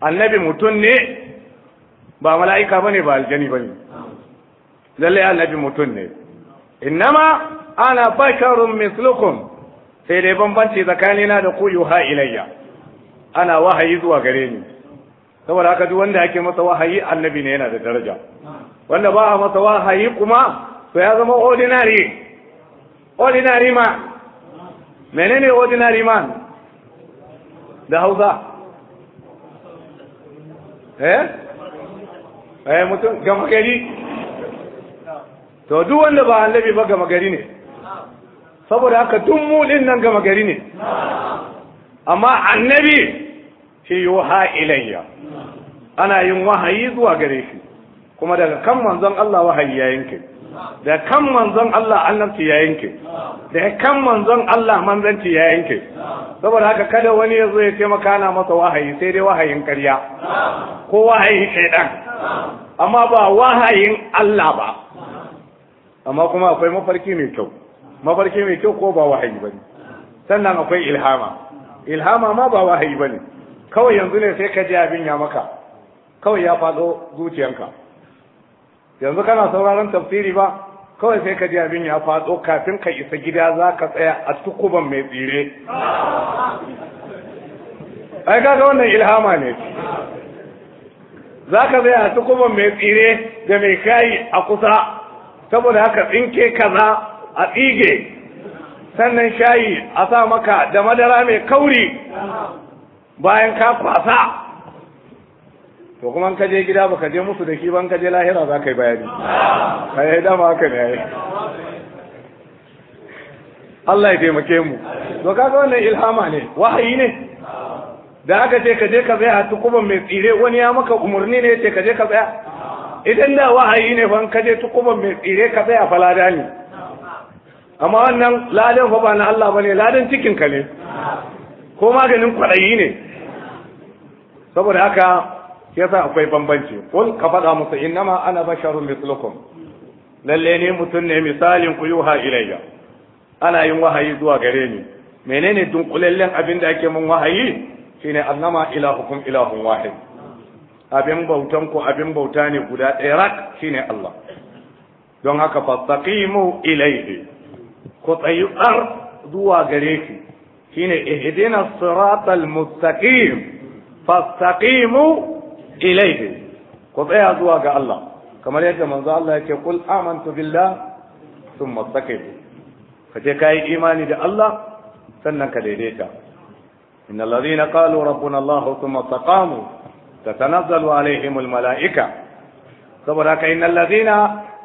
annabi mutum ne ba mala'ika bane ba aljani bane lalle annabi mutum ne innama ana basharun mislukum sai dai bambanci tsakanina da ku yuha ilayya ana wahayi zuwa gare ni saboda haka duk wanda ake masa wahayi annabi ne yana da daraja wanda ba a masa wahayi kuma to ya zama ordinary ordinary man menene ordinary man da hausa eh eh mutum gama gari to duk wanda ba annabi ba gama gari ne saboda haka duk mulin nan gama gari ne amma annabi shi yuha ilayya ana yin wahayi zuwa gare shi kuma daga kan manzon Allah wahayi ya yanke da kan manzon Allah annabci ya yanke da kan manzon Allah manzanci ya yanke saboda haka kada wani ya zo ya ce maka ana masa wahayi sai dai wahayin ƙarya ko wahayin shaidan amma ba wahayin Allah ba amma kuma akwai mafarki mai kyau mafarki mai kyau ko ba wahayi bane sannan akwai ilhama ilhama ma ba wahayi bane kawai yanzu ne sai ka ji abin ya maka kawai ya faɗo zuciyanka yanzu kana sauraron tafsiri ba kawai sai ka ji abin ya faɗo kafin ka isa gida za ka tsaya a tukuban mai tsire ai kaga wannan ilhama ne za ka tsaya a tukuban mai tsire da mai kayi a kusa saboda haka tsinke kaza a tsige sannan shayi a sa maka da madara mai kauri bayan ka kwasa to kuma ka je gida baka je musu da ki ban ka je lahira za ka yi bayani ai dama haka ne ai Allah ya taimake mu to kaga wannan ilhama ne wahayi ne da aka ce ka je ka tsaya a tukuban mai tsire wani ya maka umarni ne ce ka je ka tsaya idan da wahayi ne ban ka je tukuban mai tsire ka tsaya falada ne amma wannan ladan fa ba na Allah bane ladan cikin ka ne ko maganin kwaɗayi ne saboda haka yasa akwai bambanci kun ka faɗa musu innama ana basharu mislukum lalle ne mutum ne misalin ku yuha ilayya ana yin wahayi zuwa gare ni menene dunkulallen abin da ake mun wahayi shine annama ilahukum ilahun wahid abin bautan ku abin bauta ne guda ɗaya rak shine Allah don haka fastaqimu ilayhi ku tsayu zuwa gare ki shine ihdina siratal mustaqim fastaqimu ilayhi ku tsaya zuwa ga Allah kamar yadda manzo Allah yake kul amantu billah thumma istaqim ka ce kai imani da Allah sannan ka daidaita إن الذين قالوا ربنا الله ثم استقاموا تتنزل عليهم الملائكة saboda haka innal ladina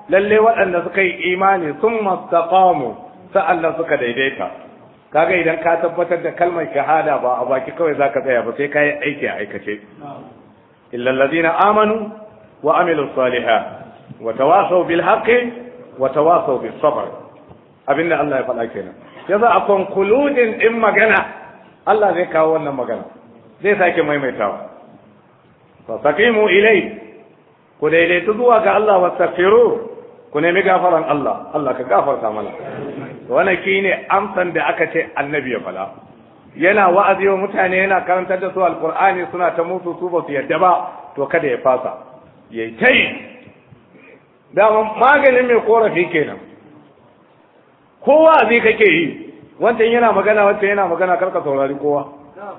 lalle waɗanda suka yi imani sun mastaqamu sa'an suka daidaita kaga idan ka tabbatar da kalmar shahada ba a baki kawai zaka tsaya ba sai ka yi aiki a aikace illal ladina amanu wa amilu salihat wa tawasaw bil haqqi wa tawasaw bis sabr abinda Allah ya faɗa kenan yasa a concluding din magana Allah zai kawo wannan magana zai sake maimaitawa fa saqimu ilai ku daidaitu zuwa ga Allah wastaghfiru ku nemi gafaran Allah Allah ka gafarta mana wannan kine amsan da aka ce annabi ya fala yana wa'azi wa mutane yana karantar da su alqur'ani suna ta musu su ba su yadda ba to kada ya fasa yayi tai da maganin mai korafi kenan kowa zai kake yi wancan yana magana wancan yana magana karka saurari kowa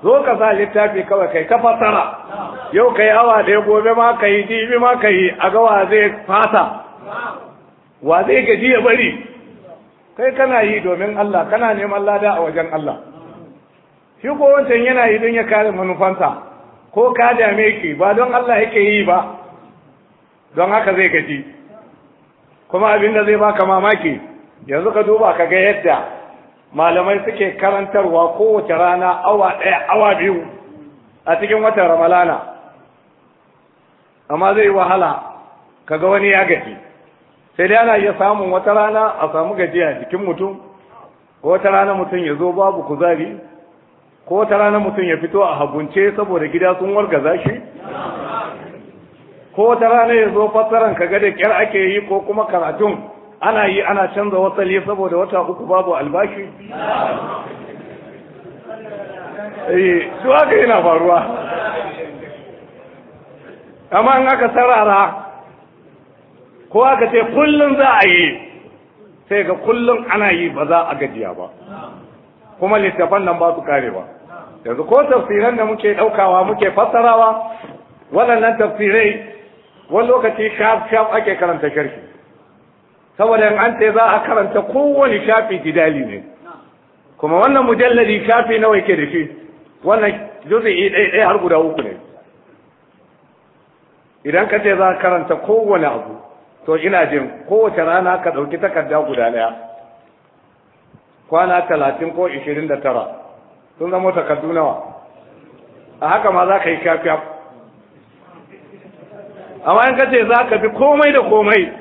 zo ka sa littafi kawai kai ka fasara yau kai awa ɗaya gobe ma ka yi jibi ma ka yi a wa zai fasa. wa zai gaji ya bari kai kana yi domin Allah kana neman lada a wajen Allah shi ko wancan yana yi don ya kare manufansa ko ka dame ki ba don Allah yake yi ba don haka zai gaji kuma abin da zai baka mamaki yanzu ka duba ka ga yadda malamai suke karantarwa kowace rana awa ɗaya awa biyu a cikin watan ramalana amma zai wahala ka ga wani ya gaji sai dai ana iya samun wata rana a samu gajiya jikin mutum ko wata rana mutum ya zo babu kuzari ko wata rana mutum ya fito a hagunce saboda gida sun wargaza shi ko wata rana ya zo fassaran kaga da kyar ake yi ko kuma karatun ana yi ana canza wasali saboda wata uku babu albashi su eh, haka yana faruwa amma in aka sarara ko aka ce kullum za a yi sai ga kullum ana yi ba za a gajiya ba kuma littafan nan ba su kare ba yanzu ko tafsiran da muke ɗaukawa muke fassarawa waɗannan tafsirai wani lokaci shaf shaf ake karanta sharhi saboda in an ce za a karanta kowane shafi gidali ne kuma wannan mujalladi shafi nawa yake da shi wannan juzu'i ɗaya ɗaya har guda uku ne idan ka ce za a karanta kowane abu to ina jin kowace rana ka ɗauki takarda guda ɗaya kwana talatin ko ishirin da tara sun zama takardu nawa a haka ma za ka yi kyafyaf amma in ka ce za ka fi komai da komai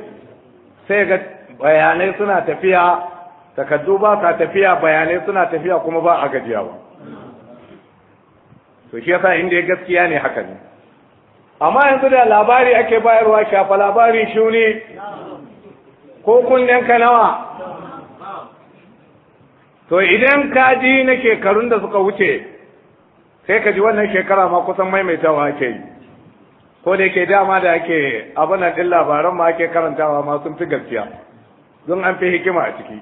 sai ga bayanai suna tafiya takardu ba ka tafiya bayanai suna tafiya kuma ba a gajiya ba to shi yasa inda gaskiya ne haka ne amma yanzu da labari ake bayarwa shafa labari shuni ko kunnen ka nawa to idan ka ji na shekarun da suka wuce sai ka ji wannan shekara ma kusan maimaitawa ake yi ko da yake dama da ake abin din labaran ma ake karantawa ma sun fi gaskiya don an fi hikima a ciki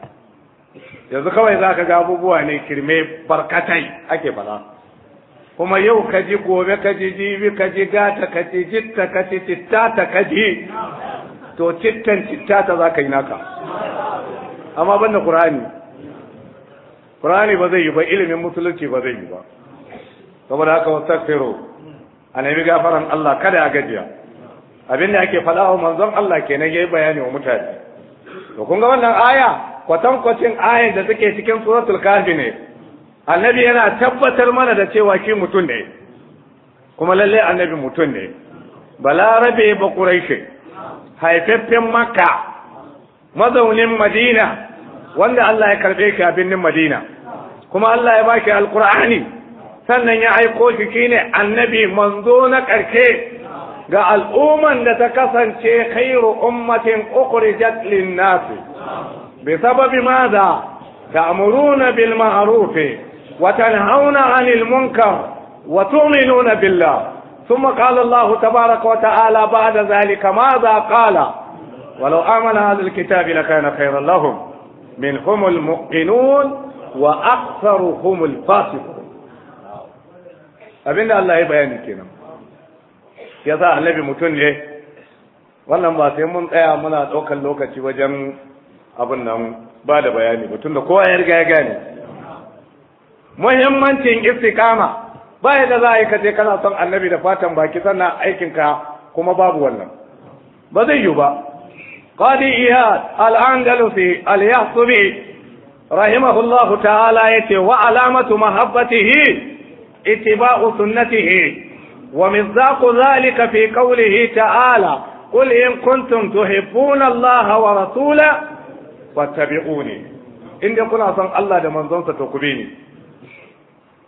yanzu kawai za ka ga abubuwa ne kirme barkatai ake bala. kuma yau ka ji gobe ka ji jibi ka ji gata ka ji jitta ka ji ta ka ji to cittan ta za ka yi naka amma ban da ƙur'ani. Ƙur'ani ba zai yi ba ilimin musulunci ba zai yi ba saboda haka wasu wastaghfiru a nemi gafaran Allah kada a gajiya abin da ake faɗa wa manzon Allah ke ya yi bayani wa mutane to kun ga wannan aya kwatankwacin ayan da take cikin suratul kafi ne annabi yana tabbatar mana da cewa shi mutum ne kuma lallai annabi mutum ne balarabe ba quraishi haifaffen makka mazaunin madina wanda Allah ya karbe shi a birnin madina kuma Allah ya baki al'kurani sannan ya aiko shi shine annabi manzo na ƙarshe ga al'umman da ta kasance khairu ummatin ukhrijat lin nasi bi sababi madha ta'muruna bil ma'ruf وتنهون عن المنكر وتؤمنون بالله ثم قال الله تبارك وتعالى بعد ذلك ماذا قال ولو آمن هذا الكتاب لكان خيرا لهم منهم المؤمنون وأكثرهم الفاسقون abinda Allah ya bayani kenan ya sa annabi mutum ne wannan ba sai mun tsaya muna ɗaukar lokaci wajen abin nan ba da bayani mutum da kowa ya riga ya gane muhimmancin istiqama ba yadda za a yi kace kana son annabi da fatan baki sannan aikinka kuma babu wannan ba zai yi ba qadi iyad al-andalusi al-yahsubi rahimahullahu ta'ala yace wa alamatu mahabbatihi ittiba'u sunnatihi wa mizaqu dhalika fi qawlihi ta'ala قل إن كنتم تحبون الله ورسوله فاتبعوني إن da manzonsa الله دمان زنسة تكبيني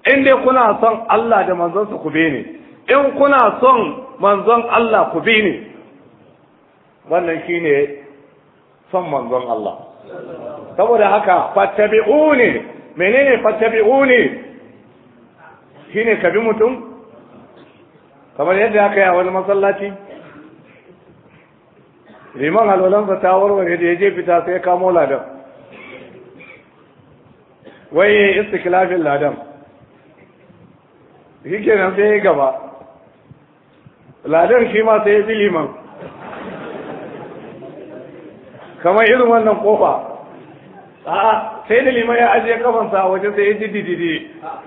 in dai kuna son Allah da manzonsa ku bi ni, in kuna son manzon Allah ku bi ni, wannan shine son manzon Allah saboda haka fattabi'uni menene fattabi'uni shine ka bi mutum kamar yadda aka yi a wani masallaci liman alwalansa ta warware da ya je fita sai kamo ladan wai istiklafin ladan shi kenan sai ya gaba ladar shi ma sai ya bi liman kamar irin wannan kofa sai da liman ya ajiye kafansa a waje sai ya ji dididi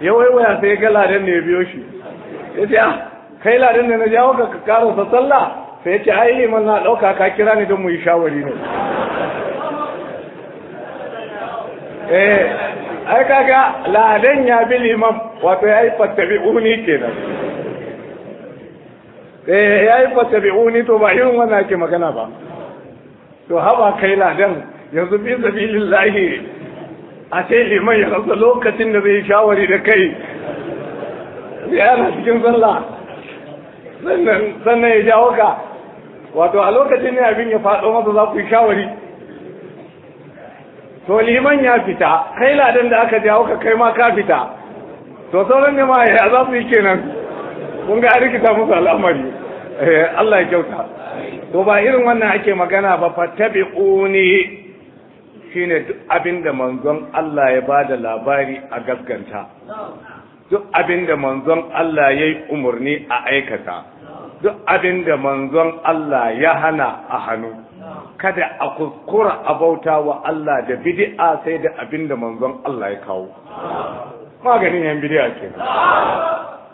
ya waiwaya sai ya ga ladar ne ya biyo shi ya ce ah kai ladar da na jawo ka sa sallah sai ya ce ai liman na ɗauka ka kira ni don mu yi shawari ne eh ai kaga ladan ya bi liman wato ya yi fattabi'uni kenan eh yi fattabi'uni to ba irin wannan ake magana ba to haba kai ladan yanzu bi sabilillahi a ce liman ya rasa lokacin da zai shawari da kai na cikin zalla sannan sannan ya jawo ka wato a lokacin ne abin ya faɗo masa za ku yi shawari to liman ya fita kai ladan da aka jawo ka kai ma ka fita to sauran ma ya za su yi kenan kun ga rikita musu al'amari eh, Allah ya kyauta to ba irin wannan ake magana ba fa fattabi'uni shine duk abinda manzon Allah ya ba da labari a gaskanta duk abinda manzon Allah ya yi umarni a aikata duk abinda manzon Allah ya hana a hannu kada a kuskura a bauta wa Allah da bidi'a sai da abin da manzon Allah ya kawo maganin yan bid'a ke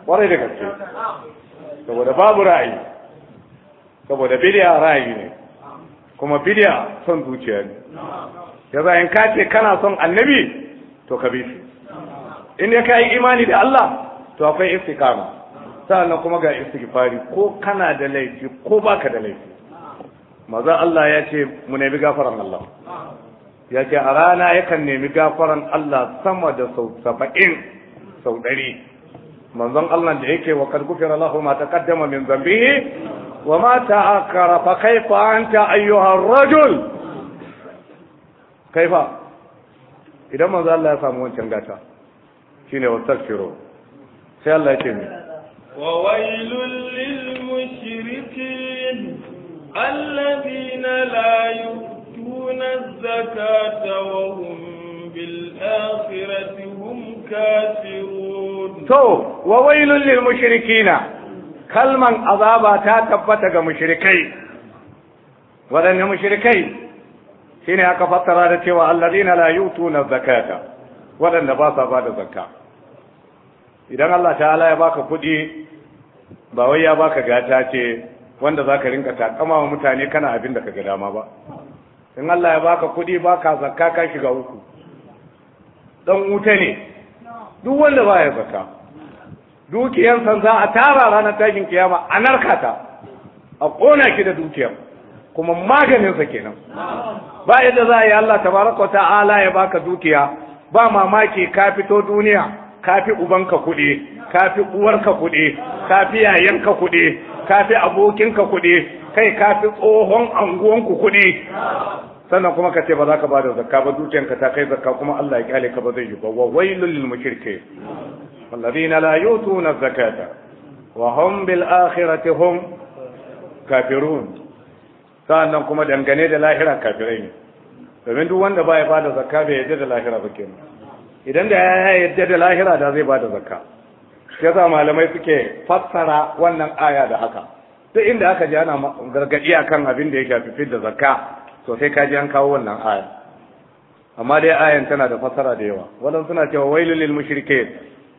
ƙwarai da gaske saboda babu ra'ayi saboda bid'a ra'ayi ne kuma bid'a son zuciya ne ya za in ka ce kana son annabi to ka bi shi in ya kai imani da Allah to akwai istiqama sannan kuma ga istighfari ko kana da laifi ko baka da laifi maza Allah ya ce mu nemi gafaran Allah ya ce a rana yakan nemi gafaran Allah sama da sau saba'in sau ɗari manzon Allah da yake wa kad gufira lahu ma kaddama min dhanbihi wa ma ta'akkara fa kaifa anta ayyuhar rajul kaifa idan manzon Allah ya samu wancan gata shine wastaghfiru sai Allah ya ce ni wa wailul lil mushrikin الذين لا يؤتون الزكاة وهم بالآخرة هم كافرون تو وويل للمشركين kalman azaba ta tabbata ga mushrikai waɗanne mushrikai shine aka fassara da cewa allazina la yutuna zakata waɗanda ba sa bada zakka idan Allah ta'ala ya baka kuɗi ba wai ya baka gata ce wanda za ka rinka takama wa mutane kana abin da ka ga dama ba in Allah ya baka kuɗi baka zakka ka shiga uku dan wuta ne duk wanda ba ya zakka san za a tara ranar tashin kiyama a narkata a ƙona ki da dukiyar kuma maganinsa kenan ba yadda za a yi Allah tabaraka ta'ala ya baka dukiya ba mamaki ka fito duniya ka fi ubanka kuɗi ka fi uwarka kuɗi ka fi yayanka kuɗi ka fi abokinka kuɗi kai ka fi tsohon anguwanku kuɗi sannan kuma ka ce ba za ka bada zakka ba dukiyanka ta kai zakka kuma Allah ya kyale ka ba zai yi ba wa wailul lil mushrike alladhina la yutuna zakata wa hum bil akhirati hum kafirun sannan kuma dangane da lahira kafirai ne domin duk wanda baya bada zakka bai yadda da lahira ba kenan idan da ya yadda da lahira da zai bada zakka yasa malamai suke fassara wannan aya da haka duk inda aka ji ana gargadi akan abin da ya shafi fidda zakka to sai ka ji an kawo wannan aya amma dai ayan tana da fassara da yawa wannan suna cewa wailul lil mushrikeen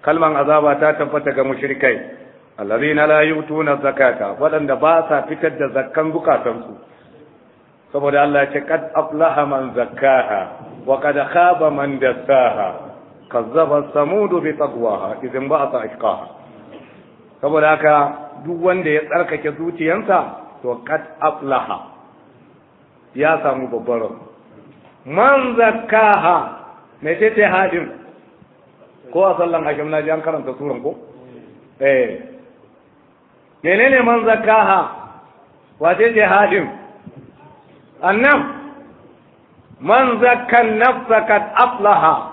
kalman azaba ta tabbata ga mushrikai allazina la yutuna zakata waɗanda ba sa fitar da zakkan zukatansu saboda Allah ya ce 'Kad aflaha man zakkaha wa kad khaba man dassaha kazzaba samudu bi taqwaha idan ba ta ashqaha saboda haka duk wanda ya tsarkake zuciyarsa to qad aflaha ya samu babbar man zakkaha me ce ce hadin ko a sallan hakim na ji an karanta suran ko eh menene man zakkaha Wa ce hadin annam man zakkan nafsa qad aflaha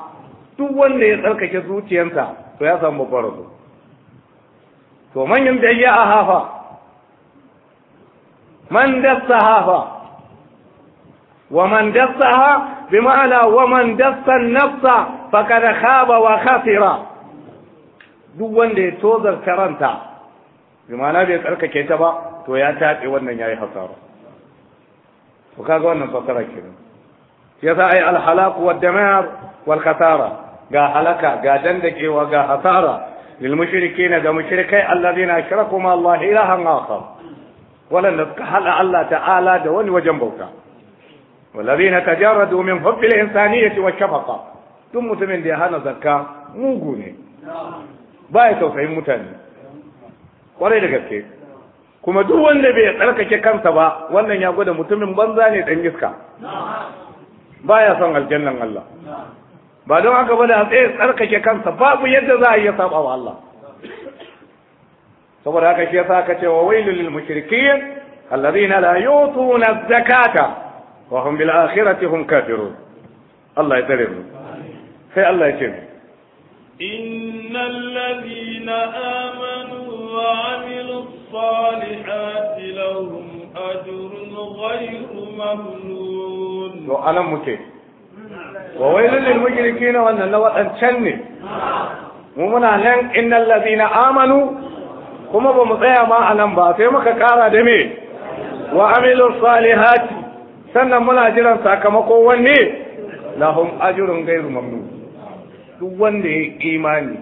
duk wanda ya tsarkake zuciyarsa to ya samu babbar rabo to manyan biyayya a hafa man dasa hafa wa man dasa ha bi ma'ana wa man dasa nafsa kad khaba wa khasira duk wanda ya tozar karanta bi ma'ana bai tsarkake ta ba to ya taɓe wannan yayi hasara to kaga wannan fasara kenan yasa ai al halaq wa damar wal khasara ga halaka ga dandakewa ga hasara lil na ga mushrikai alladheena ashraku ma Allah ilahan akhar waɗanda suka haɗa Allah ta'ala da wani wajen bauta walladheena tajarradu min hubbil ya wa shafaqa Tun mutumin da ya hana zakka mugu ne ba ya tausayin mutane kwarai da gaske kuma duk wanda bai tsarkake kansa ba wannan ya gwada mutumin banza ne dan iska baya son aljannan Allah ba don haka bane a tsaye tsarkake kansa babu yadda za a iya saba wa Allah saboda haka shi yasa aka ce wa wailul lil mushrikeen alladhina la yutuna az-zakata wa hum bil akhirati hum kafirun Allah ya tsare mu sai Allah ya ce innal ladhina amanu wa amilus salihati lahum ajrun ghayru mamnun to anan muke wa wailul lil mujrikin wannan na wadancan ne mu muna nan innal ladina amanu kuma ba mu tsaya ma a nan ba sai muka kara da me wa amilu salihati sannan muna jiran sakamako wanne lahum ajrun ghairu mamnun duk wanda ya imani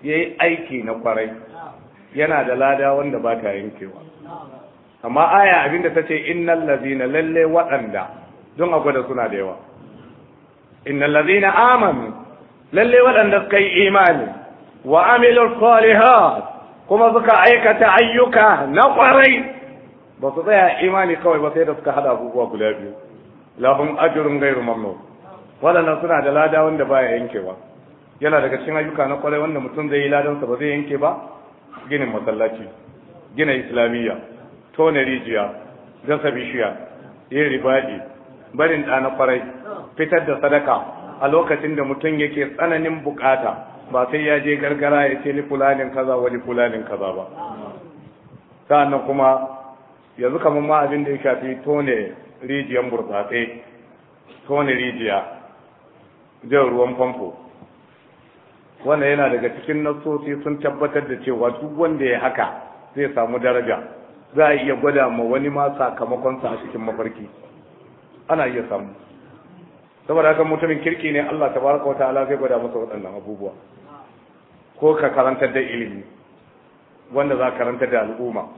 ya yi aiki na kwarai yana da lada wanda ba ta yankewa amma aya abinda ta ce innal ladina lalle waɗanda don a gwada suna da yawa inna ladhina amanu lalle waɗanda suka yi imani wa amilus salihat kuma suka aikata ayyuka na ƙwarai, ba su tsaya imani kawai ba sai da suka hada abubuwa guda biyu lahum ajrun ghairu mamnun waɗannan suna da lada wanda baya yankewa yana daga cikin ayyuka na ƙwarai wanda mutum zai yi ladansa ba zai yanke ba ginin masallaci gina islamiyya tona rijiya gasa bishiya yin ribadi barin ɗa na kwarai fitar da sadaka a lokacin da mutum yake tsananin bukata ba sai ya je gargara ya ce ni fulanin kaza wani fulanin kaza ba sa'annan kuma yanzu kamar ma abin da ya shafi tone rijiyan burtsatse tone rijiya jan ruwan famfo wannan yana daga cikin nasosi sun tabbatar da cewa duk wanda ya haka zai samu daraja za a iya gwada ma wani ma sakamakonsa a cikin mafarki ana iya samu saboda haka mutumin kirki ne Allah ta baraka wa ta'ala zai gwada masa waɗannan abubuwa ko ka karantar da ilimi wanda za ka karantar da al'umma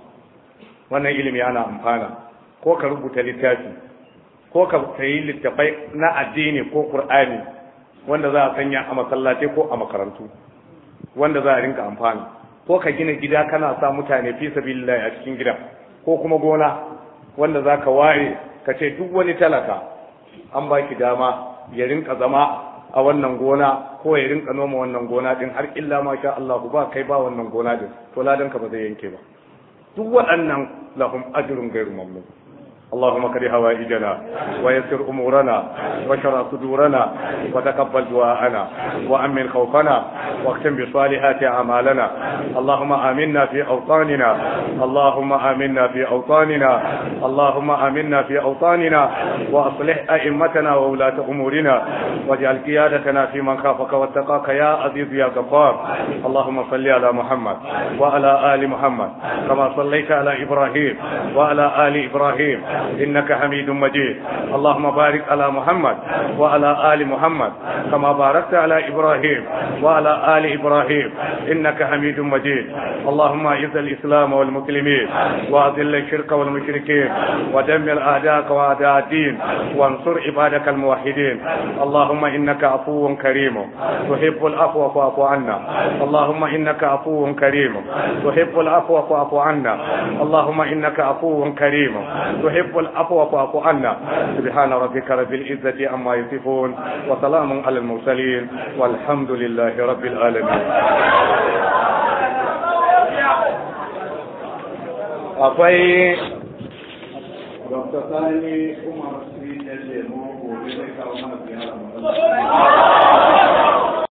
wannan ilimi yana amfana ko ka rubuta littafi ko ka sayi littafai na addini ko qur'ani wanda za a sanya a masallatai ko a makarantu wanda za a rinka amfana ko ka gina gida kana sa mutane fi sabilillah a cikin gida ko kuma gona wanda za ka ware ka ce duk wani talaka an ba ki dama ya rinka zama a wannan gona ko ya rinka noma wannan gona din har illa ma sha Allah ba kai ba wannan gona din to ladan ka ba zai yanke ba duk waɗannan lahum ajrun ghairu mamnun اللهم كره هوائجنا ويسر أمورنا وشرع صدورنا وتقبل دعاءنا وأمن خوفنا واختم بصالحات أعمالنا اللهم آمنا في أوطاننا اللهم آمنا في أوطاننا اللهم آمنا في أوطاننا وأصلح أئمتنا وولاة أمورنا واجعل قيادتنا في من خافك واتقاك يا عزيز يا غفار اللهم صل على محمد وعلى آل محمد كما صليت على إبراهيم وعلى آل إبراهيم إنك حميد مجيد اللهم بارك على محمد وعلى آل محمد كما باركت على إبراهيم وعلى آل إبراهيم إنك حميد مجيد اللهم أعز الإسلام والمسلمين وأذل الشرك والمشركين ودمر أعداءك وأعداء الدين وانصر عبادك الموحدين اللهم إنك عفو كريم تحب العفو فاعف عنا اللهم إنك عفو كريم تحب العفو فاعف عنا اللهم إنك عفو كريم تحب تحب العفو فأقوى عنا سبحان ربك رب العزة عما يصفون وسلام على المرسلين والحمد لله رب العالمين akwai